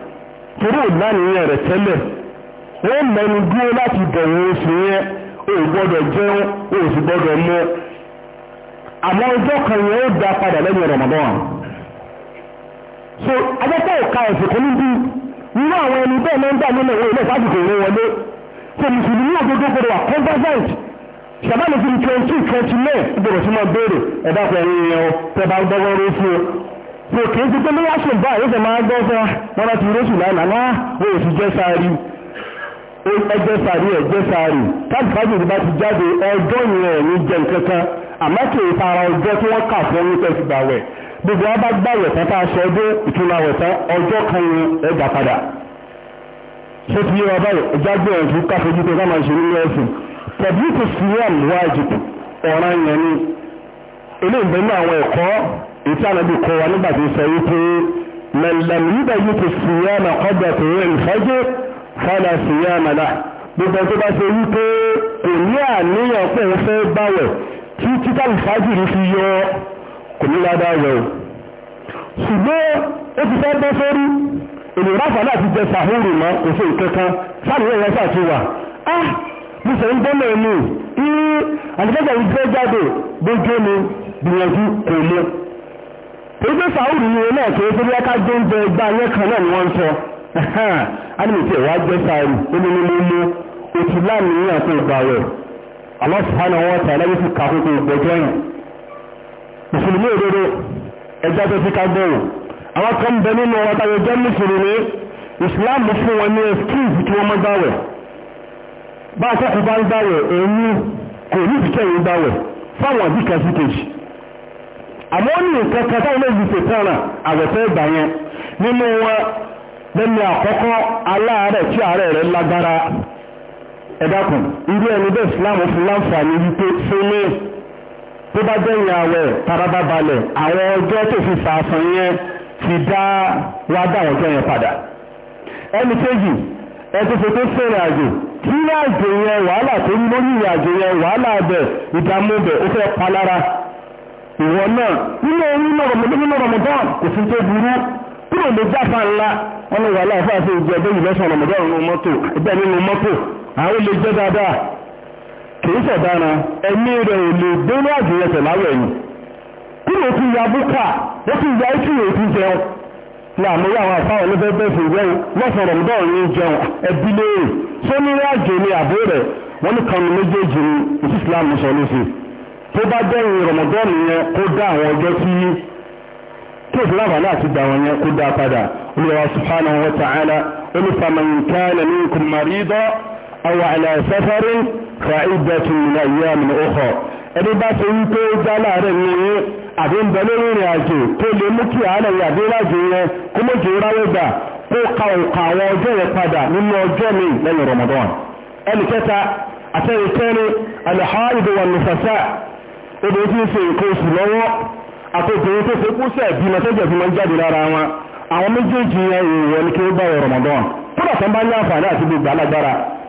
torí ìlànìyàn rẹ̀ tẹ́lẹ̀ wọ́n mẹ́nu dúró láti bẹ̀rẹ̀ oṣù yẹn o gbọ́dọ̀ jẹun o sì gbọ́dọ̀ mú àmọ́ ọjọ́ kan yẹn ó dá padà lẹ́yìn Ramadan so ajẹ́pẹ́ òka ẹ̀sìn kò níbi nínú àwọn ẹni bẹ́ẹ̀ máa ń dà nínú ìwé ilé ìfásitì ìwé wọlé so mùsùlùmí òdodo gbọ́dọ̀ wà conversant ṣàbálẹ̀ sí twenty twenty nine gbọ́dọ̀ sí máa béèrè ẹ̀dá pẹ̀lú ìyẹn o tẹ́ bá gbọ́gbọ́rọ́ fún o kò kìí sí pé lóyá ṣùgbà yóò máa gbọ́ fún wọn láti róṣù lánàá náà wọ́n èsì jẹ́ sáàrí ẹjẹ́ sáàrí ẹjẹ́ sáàrí káàkiri ìdíbá ti jáde ọjọ́ ìrìn ẹ̀mí jẹ nǹkankan àmọ́ kì í fara ọjọ́ tí wọ́n kà fún ní pẹ̀sì gbàwẹ̀ gbogbo wọn bá gbàwẹ̀ tán tá a sọ ọdún ìtura wẹ̀ tán ọjọ́ kan ní ẹgbà padà ṣé ti yé wa báyìí ìjágbé ọ̀hún fún káfojú pé káma ṣe nílé ẹ̀sìn tẹ̀bí kò sí wà níwájú ọ̀ràn yẹn ni eléyìí bẹ́ẹ̀ ní àwọn ẹ̀kọ́ ìtí ànábì kọ́ wa nígbà tó sọ wípé mẹlẹm yíba yìí ti sìyàmà kọ́dà tó rẹ̀ ìfọ́jú fọ́dà sìyàmà náà gbogbo tó bá ṣe wípé kò ní àníyàn pé ń fẹ́ báwẹ̀ tí títà ìfájì rí fi yọ kò ní ládàá yọ o ṣùgbọ́n ó ti fẹ́ bọ́ sórí ènìyàn bá fàdà ti jẹ sàhóòrò mọ́ kò sí ìkẹ́kẹ́ sáàlùwẹ̀ yẹn ṣàtúwà ah mo sì ń bọ́lọ̀ ẹnu ìrìn àdìgbẹ́gbẹ̀ ìgbẹ́ jáde gbogbo ni gbìyànjú kò mọ́ pé sàúrù ni wọn náà tó ó bóyá ká jẹ́ ń jẹ ẹgbà ayé kan náà ni wọ́n ń sọ ánìmìtì ẹ̀wà jẹ́ sàúrù ó ní ní mú òtù láàmìyàn tó gbà rẹ̀ aláṣùhánà wọn tà lẹ́yìn sí kàkókò ìgbẹ́jọ́ yìí mùsùlùmí òdodo ẹjọ́ tó ti ká gbẹ̀rù àwọn kan bẹ nínú ọ̀rọ̀ tàbí jẹ́ mùsùlùmí islam fún wọn ní excuse tí wọ́n mọ́ gbàwẹ̀ bá akẹ́kọ̀ọ́ bá ń gbàwẹ̀ èyí kò ní ìfìkẹ́ yìí gbàwẹ̀ fáwọn àbíkà sí kejì àmọ́ ní nǹkan kan táwọn méjì ṣe tọ́ra àwẹ̀fẹ́ ìgbà yẹn nínú wọn lẹ́nu àkọ́kọ́ aláàárẹ̀ tí àárẹ̀ rẹ̀ lágbára ẹ̀dàkùn irú ẹni bẹ́ẹ̀ ìsìláàmù fún láǹfààní wípé fúnni tó bá jẹ́yìn àwẹ̀ taraba balẹ̀ àwọn ọjọ́ tó fi fàáfin yẹn ti dá wá dá ọjọ́ yẹn padà ẹni kejì ẹtù fòtó fẹ́rẹ̀ àjò tí ìrìn àjò yẹn wàhálà tó ń lórí ìrìn àjò yẹn wàhálà bẹ̀ ìdààmú bẹ̀ ó fẹ́ palára ìwọ náà nínú orí lọ́rọ̀mọdé nínú Ramadan kò sí tó burú kúrò lè jáfa ńlá wọn lè wà láàfáà sí ìjọ ẹgbẹ́ yìí lọ́sàn Ramadan nínú mọ́tò ẹgbẹ́ nínú mọ́tò àwọn lè jẹ́ dáadáa kì í sọ̀dára ẹ̀mí rẹ̀ ò lè dóná àdìrẹsẹ̀ láwẹ̀ yìí kúrò ti ya búkà ó ti ya ìtì ètí jẹun láàmúyà àwọn àfáwọn olófẹ́ bẹ́sẹ̀ ìwé lọ́sàn Ramadan ní jẹun ẹbí léèrè sóníwájú ni àbúrẹ̀ wọn ní kanu méjèèjì ní ìsìlámù sọ lóṣèlú tó bá dẹ́yìn rọmọdọ́ọ̀nù yẹn kó dá àwọn ọjọ́ tí tó fi láǹfààní àti gbà wọn yẹn kó dá padà olùwà subhanahu wa ta'ala olùfàmọ̀yìnkánà ní kùmàrídọ́ àwọn àlàyésáfárí fa ìdẹ̀tù ìlà ìyá mi ọkọ̀ ẹni bá ṣe wípé ó já láàárẹ̀ ní yẹn àbí ń bẹ lórí ìrìn àjò tó lè mú kí àárẹ̀ yà dé láàjò yẹn kó méjì ráwé gbà kó ka òkà àwọn ọjọ́ yẹn padà nínú ọjọ́ mi lẹ́yìn rọmọdọ́ọ̀nù ẹnì kẹta àtẹ̀yìn kẹrin àlùhàìdù wà obìnrin tí ń ṣe nǹkan oṣù lọ́wọ́ àti obìnrin tó fipú sẹ̀ bímọ tó jẹ̀ bímọ jáde lára wọn àwọn méjèèjì yẹn èèwọ̀ ni kí ó bá ọ̀rọ̀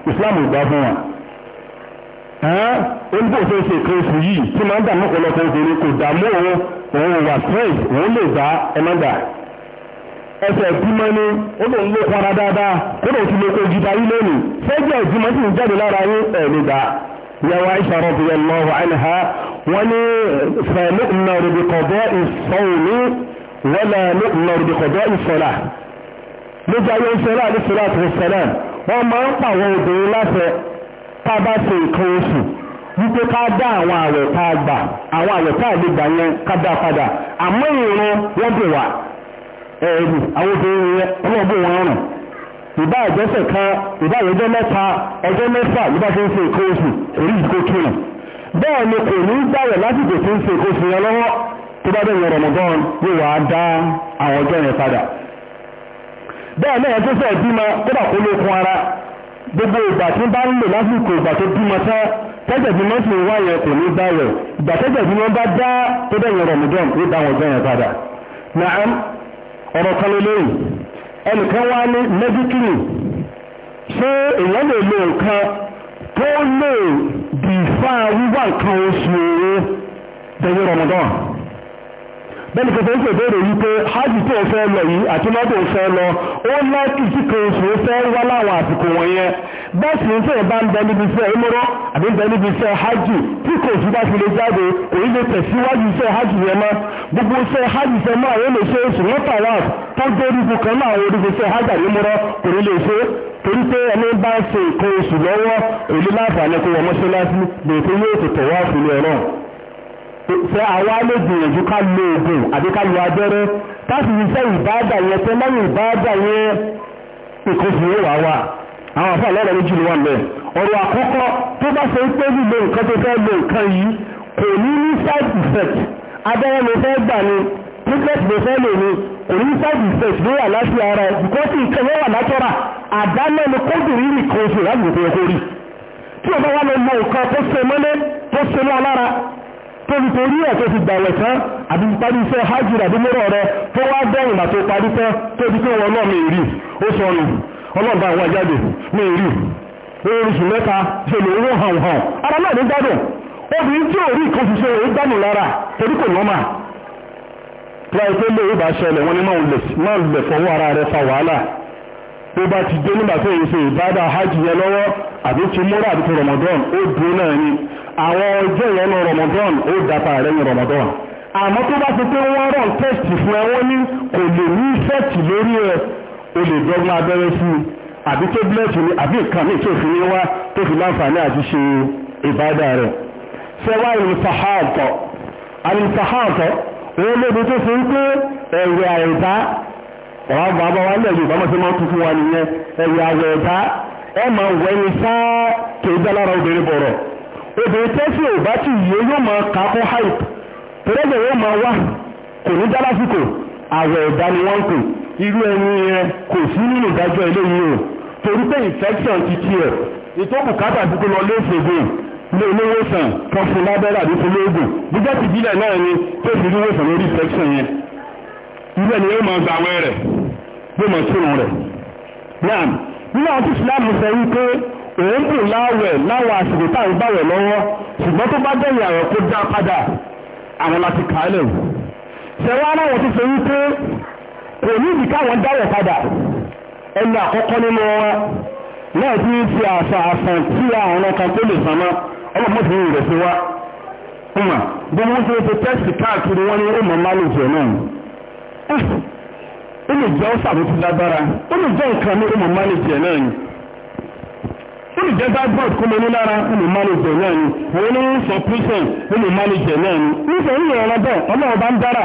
Islam ò fún wọn. olùkọ́ òfin ṣe nǹkan oṣù yìí tí máa ń dààmú ọ̀pọ̀lọpọ̀ obìnrin kò dààmú òun wà òun yàwó Aisha radiyallahu anha wọ́n ní fanu'maru bi qada'i as-sawmi wala nu'maru bi qada'i as-salah lójú ayé ìṣẹ́lá ní sọ́láàtì ìṣẹ́lá wọ́n máa ń pàwọn obìnrin láṣẹ tá a bá ṣe nǹkan oṣù wípé ká dá àwọn àwẹ̀ tá a gbà àwọn àwẹ̀ tá a lè gbà yẹn ká dá padà àmọ́ ìran wọ́n bè wá ẹ̀rù àwọn obìnrin yẹn ọlọ́ọ̀bù wọn rùn ìbá àjọsẹ̀ kan ìbá àjọjọ́ mẹ́ta ọjọ́ mẹ́fà ló bá fi ń ṣe èkó oṣù èrí ìkó kìnnà bẹ́ẹ̀ ni kò ní gbàwẹ̀ lásìkò tí ń ṣe èkó oṣù yẹn lọ́wọ́ tó bá bẹ̀rẹ̀ rọ̀mọ̀gán yóò wá dá àwọn ọjọ́ yẹn padà bẹ́ẹ̀ náà tó fẹ́ bímọ tó bà kó lókun ara gbogbo ìgbà tí bá ń lò lásìkò ìgbà tó bímọ tán tẹ́jẹ̀ bí wọ́n sì wá yẹn kò ní bá ìgbà tẹ́jẹ̀ bí wọ́n bá dá tó bẹ̀rẹ̀ rọ̀mọ̀gán yóò dá àwọn ọjọ́ yẹn padà nàám ọ̀rọ̀ kan lélẹ́yìn ẹnìkan wá ní mẹ́síkìrì ṣé èèyàn lè lo nǹkan tó lè dìfà wíwá nǹkan oṣù owó tẹ̀yìn Ramadan bẹ́ẹ̀ni kẹfẹ́ ń pè bẹ́ẹ̀rẹ̀ wípé hajj tó fẹ́ lọ yìí àti mọ́tò fẹ́ lọ ó láti tí kan oṣù fẹ́ wá láwọn àsìkò wọ̀nyẹn bẹ́ẹ̀sì ń fẹ́ bá ń bẹ níbi iṣẹ́ ìmúrọ́ àbí ń bẹ níbi iṣẹ́ hajj tí kò sí bá fi lè jáde kò ní lè tẹ̀síwájú iṣẹ́ hajj yẹn mọ́ gbogbo iṣẹ́ hajj fẹ́ mọ́ àwọn olùṣe oṣù mẹ́ta wà tó dé orígun kan náà àwọn orígun iṣẹ́ hajj ìmúrọ́ kò ní lè ṣe torí pé ẹni bá ń ṣe nǹkan oṣù lọ́wọ́ èlé láǹfààní kó wọ́n mọ́ṣáláṣí lè fi yóò tètè wá fún ilé ọlọ́run ṣe àwa lè gbìyànjú ká lo oògùn àbí ká lo abẹ́rẹ́ láti ṣiṣẹ́ ìbáàdà yẹn tẹ́ lẹ́yìn ìbáàdà yẹn ìkòsí yóò wá wà àwọn àfáà lọ́rọ̀ méjì ni wọ́n lẹ̀ ọ̀rọ̀ àkọ́kọ́ tó bá ṣe pé lílo nǹkan tó fẹ́ lo nǹkan yìí kò ní ní side effect abẹ́rẹ́ ló fẹ́ gbà ni triplet ló fẹ́ lò ni kò ní side effect ló wà láti ara ẹ̀ bíkọ́sì nǹkan yẹn wà látọ́ra àdámẹ́ ni kóbìnrin rì láti òkè ẹ̀kọ́ rí tí o wà lọ mọ nǹkan tó ṣe mọ́lé tó ṣe mọ́ tóbi torí ẹ̀ tó ti gbàwẹ̀ tán àbí parí iṣẹ́ hajj àbí mọ́rọ̀ rẹ tó wá bẹ́rùn àti parí tó di pé wọn náà mi rí ó sọnù ọlọ́ọ̀bá àwọn àjáde mi rí mẹ́ta ṣe lè owó hàn hàn ara náà ní gbádùn obìnrin tí ò rí nǹkan ṣiṣẹ́ ò gbádùn lára torí kò láì pé bá ṣẹlẹ̀ wọn ni máa lè fọwọ́ ara rẹ fa wàhálà àwọn ọjọ́ ìyẹnu Ramadan ó dàpà lẹ́yìn Ramadan àmọ́ tó bá ti pé wọ́n rán test fún ẹ wọ́n ní kò lè ní effect lórí ẹ o lè dọ́gbọ́n abẹ́rẹ́ sí i àbí tablet ni àbí nǹkan mi tó fi ní wá tó fi láǹfààní àti ṣe ìbádà rẹ̀ sẹ́wá ìrìnsàháàtọ̀ àrìnsàháàtọ̀ òun lóbi tó fi ń pé ẹ̀rẹ̀ àìdá ọ̀rọ̀ àgbà bá wà lẹ́yìn ìbámu tí wọ́n tuntun wà nìyẹn ẹ̀rẹ̀ àwẹ̀ ẹ̀dá ẹ̀ máa wẹ̀ ní sáà kéjá lára obìnrin bọ̀rọ̀ obìnrin tẹ́sí ò bá ti yé yóò máa kà fún hype tẹ́lẹ̀dẹ̀ yóò máa wà kò ní dálásìkò àwẹ̀ ẹ̀dá ni wọ́n ń pè irú ẹni yẹn kò sí nínú ìdájọ́ eléyìí o torí pé infection ti ti ẹ̀ ìtọ́kù kábà ti kó lọ léṣègùn ilé olówó sàn kan fún lábẹ́rẹ́ àbí fún lóògùn jíjẹ́ ti bílẹ̀ náà ni tó fi rí wòsàn lórí infection yẹn irú ẹni yóò máa gbàwẹ̀ rẹ̀ yóò máa tún rẹ̀ náà nínú àwọn tí Islam sọ wípé òun kù láwẹ̀ láwọn àsìkò tá à ń gbàwẹ̀ lọ́wọ́ ṣùgbọ́n tó bá dẹ̀yìn àwọn tó dá padà àwọn láti kà á lẹ̀ wò. ṣẹ̀wá aláwọ̀ ti sọ wípé kò ní ìdí káwọn dáwọ̀ padà ẹni àkọ́kọ́ nínú náà ti ń fi àṣà àṣà tí àwọn kan tó lè sàmọ́ ọmọ rẹ̀ wa. bí wọ́n ṣe tẹ́sì káàkiri wọn ní ọmọ náà ó lè jẹ́ lágbára ó lè jẹ́ nǹkan ní jẹ́ dashboard kó mo ní lára olùmọ́lẹ̀jẹ̀ náà ni òun ní suppression olùmọ́lẹ̀jẹ̀ náà ni nítorí ìrànlọ́ bẹ́ẹ̀ ọlọ́run bá ń dára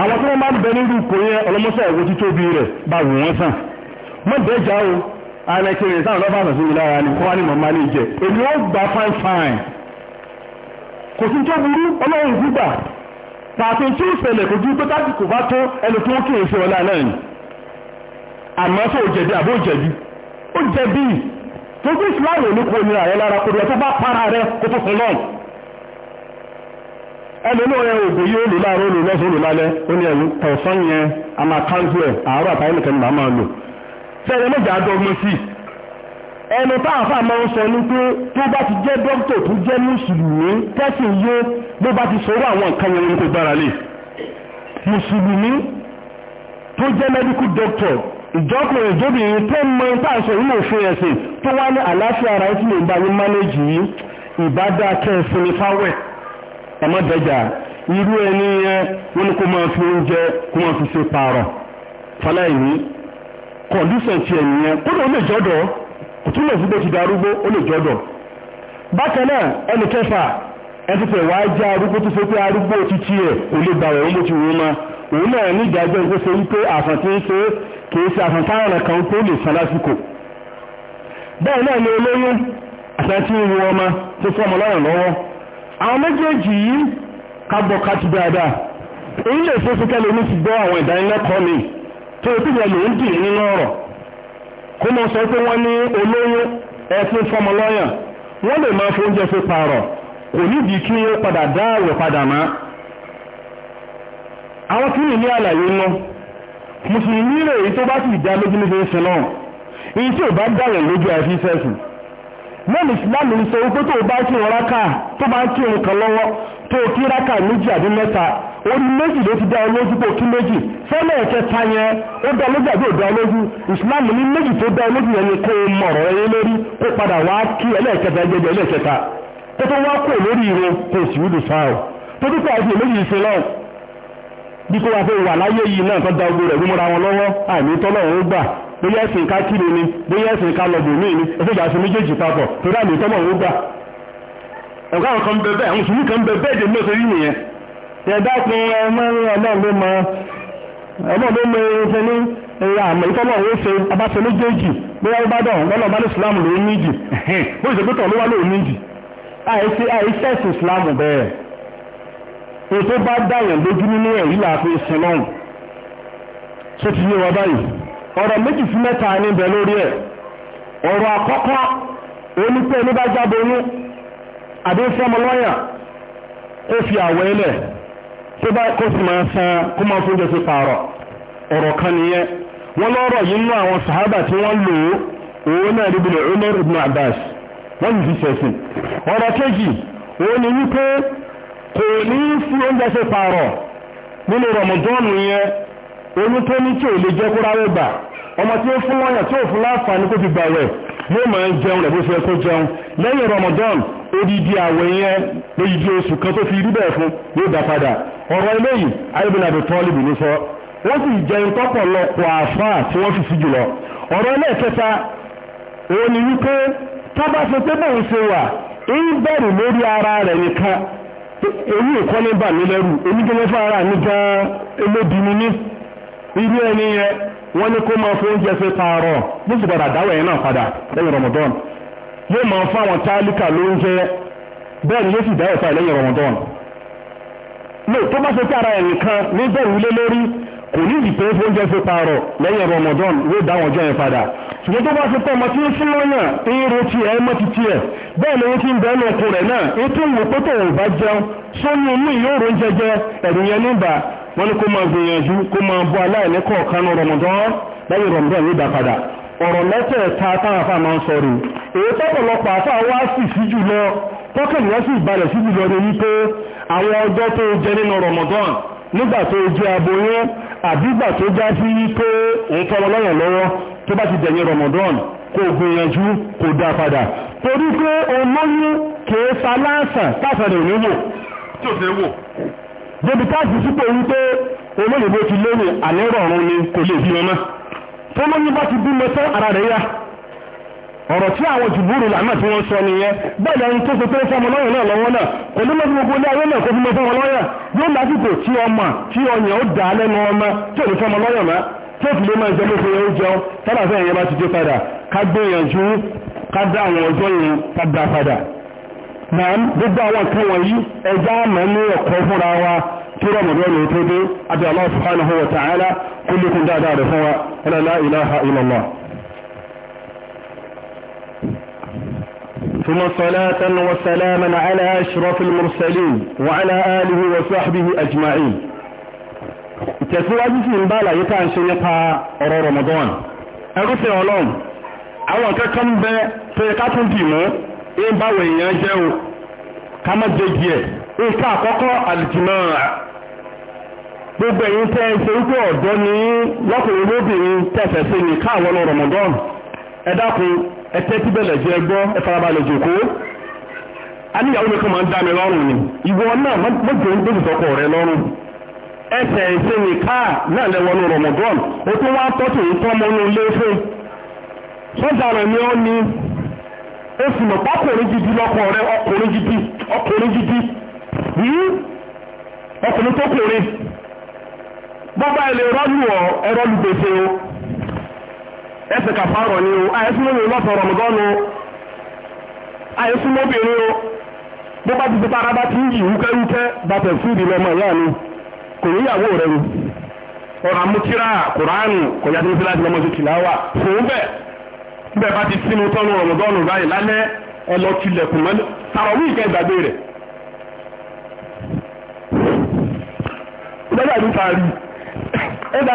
àwọn tí wọ́n máa ń bẹ nínú ipò yẹn ọlọ́mọṣẹ́ ìwé títóbi rẹ̀ bá wù wọ́n sàn mọ́tẹ́jà o alẹ́kẹ̀rẹ̀ sáà lọ́fà àṣàṣì mi lára ni kó wá ní màmá lè èmi ó gbà fine fine kò sí tó burú ọlọ́run gbígbà pàtó tí ó ṣẹlẹ̀ kò ju pé kò bá tó ẹni tó ń kí èso ọlá náà ni àmọ́ tó jẹ̀bi àbó jẹ̀bi ó tójú ìsìláàmù ò ní kó nira rẹ lára kó rẹ tó bá para rẹ kó tó fún náà ẹni inú rẹ ògbò yóò lò láàárọ̀ olè lọ́sọ̀ olè lálẹ́ ó ní ẹ̀yìn ọ̀sán yẹn a máa káńtì ẹ̀ àárọ̀ àtàyè nìkan ní màá máa lò sẹ́yìn méjì àdọ́gbọ́n sí ẹni tá àfà máa ń sọ ní pé tó bá ti jẹ́ dókítà tó jẹ́ mùsùlùmí tẹ́sì yé bó bá ti sọ̀rọ̀ àwọn nǹkan yẹn ní kò gbára lé mùsùlùmí tó jẹ́ medical doctor ìjọkùnrin ìjóbìnrin tó mọ ìtàṣọ ilé òfin ẹ̀sìn tó wá ní àlàáfíà ara tí lè bá yín mánéjì yìí ìbádá kẹsìnrin fáwẹ̀ ẹ̀mọ́dẹ́jà irú ẹni wọn kó máa fi oúnjẹ kó máa fi ṣe pààrọ̀ kódà ó lè jọ́dọ̀ kò darúgbó ó lè jọ́dọ̀ bákan náà kẹfà já arúgbó tó òun náà ní ìdájọ́ ìgbó ṣe wípé nke tí ń ṣe kìí ṣe àfàn táwọn kan tó lè san lásìkò bẹ́ẹ̀ náà ni olóyún àfẹ́ tí ń wo ọmọ tó fọ́mọ lọ́rùn lọ́wọ́ àwọn méjèèjì yìí dáadáa èyí lè ṣe fúnkẹ́ lómi ti gbọ́ àwọn ìdánilẹ́kọ̀ọ́ mi tó o tìjọ lòún dì nínú ọ̀rọ̀ kó mọ sọ pé wọ́n padà dá àwẹ̀ padà máa àwọn tí ní àlàyé lọ mùsùlùmí rẹ̀ èyí tó bá sì dá lójú níbi ìṣẹ́ náà èyí tí ò bá dáyẹ̀ lójú àfi sẹ́sùn mọ́mí ìsìláàmù ń sọ wípé tó bá kí wọn rákà tó bá kí wọn kan lọ́wọ́ tó kí rákà méjì àbí mẹ́ta orí méjì ló ti dá olójú pé kí méjì fẹ́lẹ̀ ẹ̀kẹta yẹn ó dá olójú àbí ò dá olójú ìsìláàmù ní méjì tó dá olójú yẹn ni kó o mọ̀ ọ̀rọ̀ ẹyẹ lórí kó padà wá kí ẹlẹ́ẹ̀kẹta ẹgbẹ́ ẹlẹ́ẹ̀kẹta tó tó wá kó lórí ìró kó o sì wúdù sáà tó tó kó àti èméjì ìṣe náà bí wa fẹ́ wà láyé yìí náà kọ́ da ogun rẹ̀ gúnmọ́ra wọn lọ́wọ́ àìní tọ́lọ́run ó gbà bóyá ẹ̀sìn ká kiri ni bóyá ẹ̀sìn ká lọ́dún míì ni ẹ̀sìn ìjà sí méjèèjì papọ̀ torí tọ́lọ́run ó gbà. ọ̀gá àwọn kan bẹ bẹ́ẹ̀ àwọn kan bẹ bẹ́ẹ̀ nìyẹn. ẹ̀dá mọ ètò bá dáyàn lójú nínú ẹ̀rí làáfin sin lọ́hùn tó ti yé wa báyìí ọ̀rọ̀ méjì sí mẹ́ta níbẹ̀ lórí ẹ̀ ọ̀rọ̀ àkọ́kọ́ òní pé ẹni bá jáde oyún àbí fọ́mọ lọ́yà kó fi àwọ̀ ilẹ̀ tó bá kó sì máa san kó máa fún jẹ́sí pààrọ̀ ọ̀rọ̀ kan nìyẹn wọ́n lọ́rọ̀ yìí nú àwọn sàhábà tí wọ́n lò ó òun náà ríbi lè Umar ibn Abbas wọ́n yìí fi ṣẹ̀sìn ọ̀rọ̀ kejì òun ni wípé kò ní sí oúnjẹ ṣe pààrọ̀ nínú rọmọdọ́ọ̀nù yẹn oyún tó ní tí ò lè jẹ́ kó ráwé gbà ọmọ tí ó fún lọ́yàn tí ò fún láǹfààní kó fi gbà rẹ̀ yóò máa ń jẹun rẹ̀ bó ṣe kó jẹun lẹ́yìn rọmọdọ́ọ̀n odidi àwẹ̀ yẹn lóyìí oṣù kan tó fi rí bẹ́ẹ̀ fún yóò dá padà ọ̀rọ̀ eléyìí ayébìnrin àbí tọ́lìbì ló sọ wọ́n sì jẹun tọ́pọ̀lọpọ̀ àfáà tí wọ́n fi sí jùlọ ọ̀rọ̀ ẹlẹ́ẹ̀kẹta òun ni wípé tábà ṣe pé bóun ṣe wà ń bẹ̀rù lórí ara rẹ̀ nìkan èyí ìkọ́ ní bà mí lẹ́rù onígbẹ́lẹ́ fara ní gan elóbi mi ní irú ẹni yẹn wọ́n ní kó máa fún oúnjẹ sí taarọ̀ bó sì padà dáwọ̀ yẹn náà padà lẹ́yìn Ramadan yóò máa fún àwọn tálíkà lóúnjẹ bẹ́ẹ̀ ni yóò sì dáwọ̀ sáà lẹ́yìn Ramadan. lóò tó bá ṣe tí ara ẹ̀ nìkan ní bẹ́ẹ̀ wúlé lórí kò ní ìdìpé oúnjẹ fi pààrọ̀ lẹ́yìn Ramadan ló dá àwọn ọjọ́ yẹn padà ṣùgbọ́n tó bá fi pọ̀ ọmọ tí ń súnmọ́ náà ń ro ti ẹ̀ mọ́ ti tiẹ̀ bẹ́ẹ̀ ni ti ń bẹ́ẹ̀ ní ọkọ rẹ̀ náà ètò ìwò pé tó ò bá jẹun sóní inú yóò ro oúnjẹ jẹ ẹ̀rù yẹn níbà wọ́n ní kó máa gbìyànjú kó máa bọ́ aláìní kọ̀ọ̀kan Ramadan lẹ́yìn Ramadan ló dá padà ọ̀rọ̀ mẹ́tẹ̀ẹ̀ta táwọn afá máa ń sọ rè èyí tọ́pọ̀lọpọ̀ afá wá sì sí jùlọ tọ́kẹ̀lẹ́ sì balẹ̀ sí jùlọ ni wípé àwọn ọjọ́ tó jẹ nínú Ramadan nígbà tó jẹ aboyún àbígbà tó já sí pé òun tọrọ lọ́yàn lọ́wọ́ tó bá ti dẹ̀yìn Ramadan kò gbìyànjú kò dá padà torí pé olóyún kìí sa láǹsàn táfẹ̀rẹ̀ òníwò tí ò fẹ́ wò débi táàkì sípò wípé olóyìnbó ti lóyìn àlẹ́rọ̀ ọ̀run ni kò lè bí ọmọ tó lóyún bá ti bímọ tán ara rẹ̀ yá ọ̀rọ̀ tí àwọn jùbúrù làmà tí wọ́n sọ nìyẹn bẹ́ẹ̀ lẹ́nu tó ṣe pé fọmọ lọ́yìn náà lọ́wọ́ náà kò ní mọ́tò gbogbo ilé ayé náà kò fi mọ́ fọmọ lọ́yìn yóò lásìkò tí ọmọ tí ọyàn ó dà á lẹ́nu ọmọ tí ma ní fọmọ lọ́yìn mọ́ tí ó fi lè máa jẹ́mú fún oúnjẹ tọ́lá fẹ́ yẹn bá ti dé padà ká gbìyànjú ká dá àwọn ọjọ́ yẹn ká dá padà náà gbogbo àwọn ẹja àmọ́ ní ọ̀kọ́ fúnra wa ثم صلاة وسلاما على أشرف المرسلين وعلى آله وصحبه أجمعين ìtẹ̀síwájú sí ń bá àlàyé tá à ń ṣe nípa ọ̀rọ̀ Ramadan ẹrúfẹ́ Ọlọ́run àwọn kẹ́kọ́ ń bẹ tó yẹ ká tún dì mọ́ ń báwọ̀ èèyàn jẹ́ o ká má jẹ́gi ẹ̀ nǹkan àkọ́kọ́ àlìjìmọ́ gbogbo ẹ̀yin tẹ́ ẹ ṣe wípé ọ̀dọ́ ní lọ́kùnrin lóbìnrin tẹ̀sẹ̀ sí ní káàwọ́ lọ Ramadan Eda dákun jẹ́ gbọ́ ẹ jòkó aníyàwó ń dá mi lọ́rùn ni ìwọ náà mọ́jọ́ ń gbèsè ọkọ rẹ lọ́rùn ẹsẹ̀ náà lẹ́wọ́nú ó tún wá tọ́tù ìtọ́mọ́nú sọ́jà rẹ̀ ni ó ní ó sì mọ̀ pákòrin gidi lọ́kọ̀ rẹ ọkùnrin gidi ọkùnrin hmm? tó kùnrin bọ́bá rọ́lù ẹsẹ̀ kàfàrọ̀ ni o àyẹ̀súnmọ́ mi lọ́sọ̀ rọ̀mọdán o àyẹ̀súnmọ́ o bó bá ti ti para bá ti ń yí wúkẹ́wúkẹ́ bàtẹ̀ fúdi lọ́mọ ìyá mi kò ní ìyàwó rẹ ni ọ̀rọ̀ àmúkírà kùránù kò yá láti lọ́mọ bẹ́ẹ̀ bẹ́ẹ̀ bá ti sínú tọ́nu báyìí lálẹ́ ìkẹ́ ìgbàgbé rẹ̀ ẹ̀dá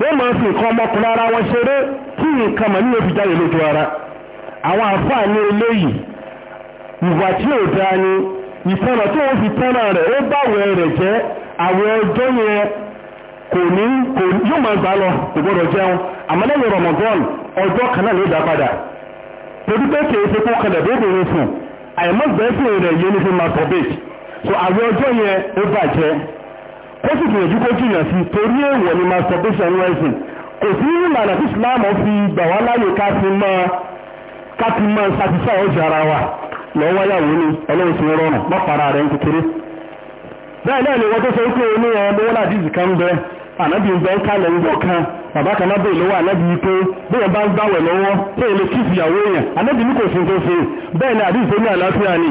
wọ́n máa fi nǹkan ọmọkùnrin ara wọn ṣeré tí nǹkan mọ̀ nílò fi jáde lójú ara àwọn àfáà eléyìí ìwà tí ò dáa ni ìtọ́nà tí wọ́n fi tọ́nà rẹ̀ ó báwẹ̀ rẹ̀ jẹ́ àwọn ọjọ́ yẹn kò ní kò yóò máa gbà lọ kò gbọ́dọ̀ jẹun àmọ́ lẹ́yìn ọjọ́ kan náà ló dá padà torí pé kì í ṣe kó kalẹ̀ fún àìmọ́gbẹ́sìn rẹ̀ ó sì gbìyànjú kó jìyàn sí torí èèwọ̀ ni masturbation wẹ́sìn kò sí Islam fi gbà wá láyè ká fi mọ ọjà ara wa lọ́wọ́ wáyàwó ni ọlọ́run ti rọrùn mọ́pàá rẹ̀ ń kékeré bẹ́ẹ̀ náà ni wọ́n tó sọ pé oní ọmọ wọn láti ìsìnká ń bẹ ànábì ń bẹ ń ń bọ̀ kan bàbá kan lábẹ́ ìlọ́wọ́ ànábì yìí pé bóyá bá ń gbàwẹ̀ lọ́wọ́ pé èlé kí ìyàwó èèyàn ànábì ní kò sí tó ṣe bẹ́ẹ̀ ni àdìsí ní àlàáfíà ni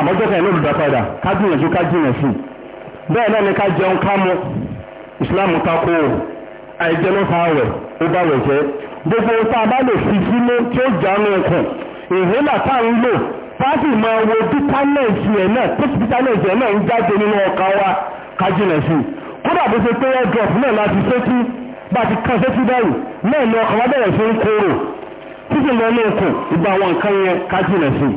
àmọ́jọ́kẹ́ ló lùdá padà ká gbìyànjú ká jìnà sí bẹ́ẹ̀ náà ni ká jẹun ká mu ìsìláàmù takò àìjẹ ló fa àwẹ̀ ó bá wẹ̀ jẹ́ gbogbo tá a bá lè fi sílé tí ó jánu ẹkùn ìhélà tá ń lò fásì máa wo bítámẹ́ǹtì ẹ̀ náà tó ti bítámẹ́ǹtì ẹ̀ náà ń jáde nínú ọkàn wa ká jìnà sí kódà bó ṣe pé airdrop náà láti sétí bá ti kan sétí báyìí náà ni ọkàn wa bẹ̀rẹ̀ sí ń kóró títí lọ ní ẹkùn ìgbà àwọn nǹkan yẹn ká jìnà sí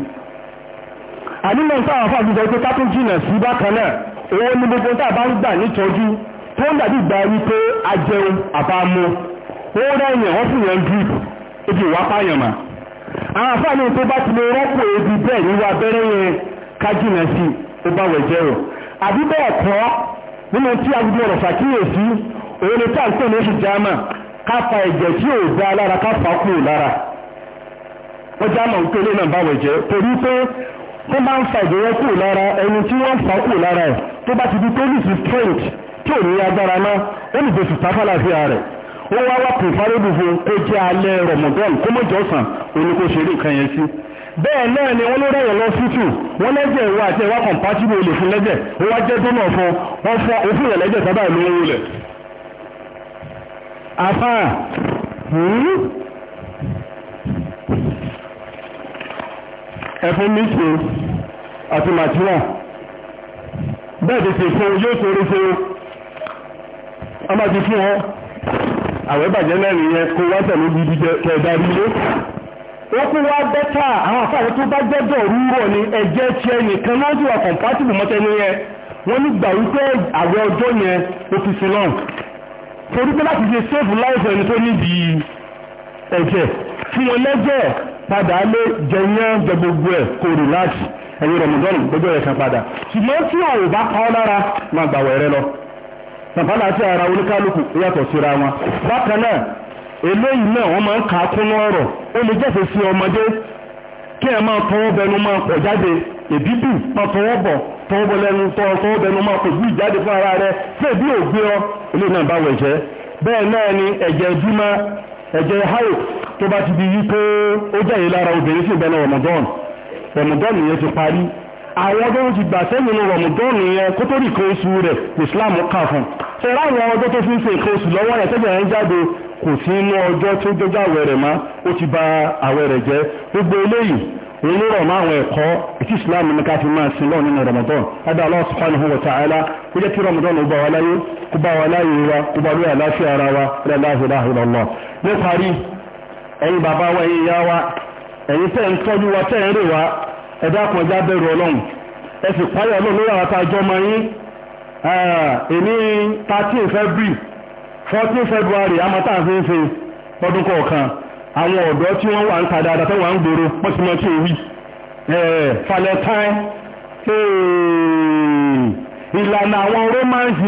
ànímọ̀ sáwọn afọ àti ìjọba ká tún jìnà sí bákan náà owó ní gbogbo tá a bá ń gbà nítọ́jú tó ń dàbí ìgbà wípé a jẹun àbámu owó dáìyàn wọ́n sì yẹn drip ó ti wá pààyàn mà àwọn àfáàní tó bá ti lè rọ́pò ebi bẹ́ẹ̀ ní wa abẹ́rẹ́ yẹn ká jìnà sí ó bá wẹ̀ jẹ́ àbí bẹ́ẹ̀ kọ́ nínú tí a gbogbo ọ̀rọ̀ ṣàkíyèsí òun ni táà ń pè ní hijama ká fa ẹ̀jẹ̀ tí ò dá lára ká fà á kúrò lára wọ́n já mọ̀ ń pè ní nàbàwẹ̀ jẹ́ torí pé tó bá ń fa ìdíwọ́ kù lára ẹni tí wọ́n fa kù lára ẹ̀ tó bá ti di pólísì strength tí ò ní agbára náà ó lè fèsì sáfàlà sí ààrẹ ó wá wá pèfárébù fún kó jẹ́ alẹ́ rọ̀mọ̀dọ́n kó mọ̀ jọ́sàn òní kó ṣe rí nǹkan yẹn sí bẹ́ẹ̀ náà ni wọ́n ló rẹ̀yẹ̀ lọ sútù wọ́n lẹ́jẹ̀ ìwọ àti ẹ̀wà compatible olè fún lẹ́jẹ̀ ó wá jẹ́ tó náà fún wọ́n fún òfin rẹ̀ lẹ́jẹ̀ sábà lówó rẹ̀ àfáà hmm? ẹ̀fún níṣe àti màtíwà bẹ́ẹ̀ ti ṣe fún yóò sórí fún ọ máa ti fún ọ àwẹ́ bàjẹ́ lẹ́rìn yẹn kó wá tẹ̀lé gidi kẹ̀ẹ̀dá ilé ó kó wá bẹ́tà àwọn àfáàrẹ tó bá jẹ́jọ́ rúrọ̀ ni ẹ̀jẹ̀ tí ẹ nìkan náà sì wà compatible mọ́tẹ́nu yẹn wọ́n ní gbà wípé àwẹ̀ ọjọ́ yẹn ó ti sí lọ́n torí pé láti ṣe save life ẹni tó níbi ẹ̀jẹ̀ fún wọn lẹ́jẹ̀ padà lé jẹyán jẹ gbogbo ẹ̀ kò rí láti ẹ̀yìn rọ̀mùdọ́nù gbogbo ẹ̀ kan padà ṣùgbọ́n tí ò bá pa ọ́ lára máa gbàwẹ̀ rẹ lọ tàbálà àti ara oníkálukú yàtọ̀ síra wọn bákan náà eléyìí náà wọ́n máa ń kà á kún ọ̀rọ̀ ó lè jẹ́fẹ́ sí ọmọdé kí ẹ máa tọwọ́ bẹnu máa pọ̀ jáde èbídù máa tọwọ́ bọ̀ tọwọ́ bọ̀ lẹ́nu tọwọ́ bẹnu máa pọ̀ gbú ìjáde fún ara rẹ fún èbí ògbé ọ ilé náà bá wẹ̀ jẹ́ bẹ́ẹ̀ náà ni ẹ̀jẹ̀ ìdúmọ̀ ẹ̀jẹ̀ hayo tó bá ti di wípé ó jẹ́yìn lára obìnrin sí ìbẹ̀lẹ̀ Ramadan Ramadan yẹn ti parí àwọn ọdún ti gbà sẹ́yìn ní Ramadan yẹn kó tó rí nǹkan oṣù rẹ̀ Islam kà fún ṣe láwọn ọjọ́ tó fi ń ṣe nǹkan oṣù lọ́wọ́ rẹ̀ tẹ́jọ́ yẹn jáde kò sí inú ọjọ́ tó jọjọ́ àwẹ̀ rẹ̀ má ó ti ba àwẹ̀ rẹ̀ jẹ́ gbogbo eléyìí onírọ̀ máa àwọn ẹ̀kọ́ ìtí islam ní ká fi máa sin lọ́ọ̀ nínú ramadan adá Allah subhanahu wa ta'ala ó jẹ́ kí ramadan ó bá wa láyé kó bá wa láyé wa kó bá lóyè àláfíà ara wa rẹ̀ láhìláhìlá lọ. ní parí ẹ̀yin bàbá wa ẹ̀yin ìyá wa ẹ̀yin tẹ́ ń tọ́jú wa tẹ́ ń rè wa bẹ̀rù ọlọ́run ẹ sì ọlọ́run lórí àwọn àtàjọ ọmọ yín ah, èmi february fourteen february amọ̀tá kọ̀ọ̀kan àwọn ọ̀dọ́ tí wọ́n wà ń ta dáadáa tó wà ń gbòòrò eh, eh, ìlànà àwọn romance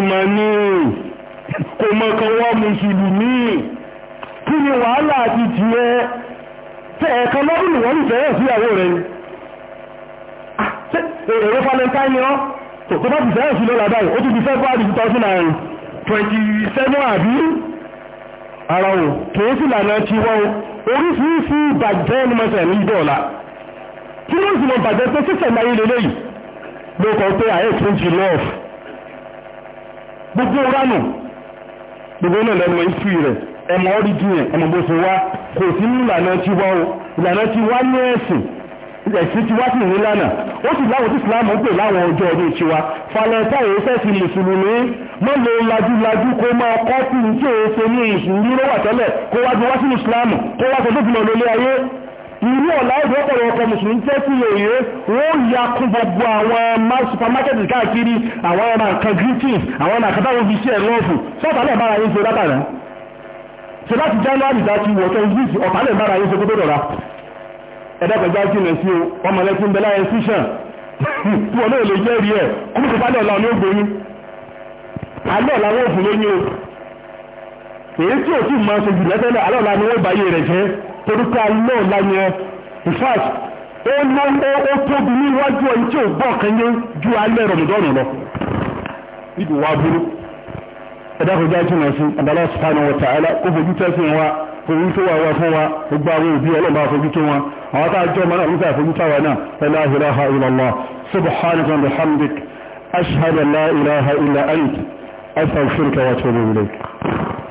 kí ni wàhálà àti jìẹ tẹ ẹ̀kan lọ́dún nìwọ́n ní ìfẹ́yẹ̀ síyàwó rẹ̀ ni ah, èrò valentine ọ́ tó bá ti fẹ́yẹ̀ sí lọ́la báyìí ó ti di february 2009 27 àbí ara o kìí sí lànà ti wọ́n oríṣiríṣi ìbàjẹ́ ni mo sẹ̀ ní ìdọ̀ọ̀la kí ló sì mọ ìbàjẹ́ pé sísẹ̀ máa yé lélẹ́yìí ló kọ pé àyè tún ti lọ́ọ̀fù gbogbo ránù gbogbo náà lẹ́nu ìfì rẹ̀ ẹmọ ọríjìnlẹ̀ ẹmọ bó ṣe wá kò sí ní ìlànà tí wá o ìlànà tí wá ní ẹ̀sìn ẹ̀sìn tí wá sì ní lánà ó sì láwọn tí ìsìláàmù pè láwọn ọjọ́ ọdún tiwa falẹ̀ta èyí fẹ́sìn mùsùlùmí mọ́ lo lajúlajú kó máa kọ́ sí ní tí èyí ṣe ní ìṣùnú ló wà tẹ́lẹ̀ kó wá ju wá sí ìsìláàmù kó wá sọ sófin ọ̀lọ́lé ayé irú ọ̀la ìdókòrò ọkọ̀ mùsùlùmí tẹ́ sí òye wọ́n ya kún gbogbo àwọn supermarket káàkiri àwọn ọmọ nǹkan greetings àwọn ọmọ nǹkan táwọn fi ṣe ẹ̀ lọ́ọ̀fù sọ́ọ̀tà náà bára yín ṣe dábàá náà ṣe láti january dá ti wọ̀tọ̀ ìgbìsì ọ̀tálẹ̀ bára yóò ṣokó tó dọ̀ra ẹ̀dẹ́gbẹ̀já jìnà sí o ọmọ lẹ́sìn bẹ́lá ẹ̀ síṣàn tí wọn náà lè jẹ́ rí ẹ̀ kúrò tó bálẹ̀ ọ̀la ní ògbóyún alẹ́ ọ̀la wọn òfin lóyún o èyí tí ò tí ma ṣe jù lẹ́tẹ́lẹ̀ alẹ́ ọ̀la ni wọ́n bá yé rẹ̀ jẹ́ torúkọ alẹ́ ọ̀la in fact ó lọ ó tóbi níwájú ọ̀yìn tí ò gbọ́ kan yẹn ju alẹ́ rọ̀mùdọ́nù lọ níbi wàá burú ẹ̀dákò já jìnà sí ọ̀dàlá subhanahu wa ta'ala kó fojú tẹ́sìn wa fojú tó wà wá fún wa gbogbo àwọn òbí ọlọ́mà fojú tó wọn àwọn tá a jọ mọ́nà nígbà fojú táwa náà la ilaha illallah subhanaka wa bihamdik ashhadu an la ilaha illa anta astaghfiruka wa atubu ilayk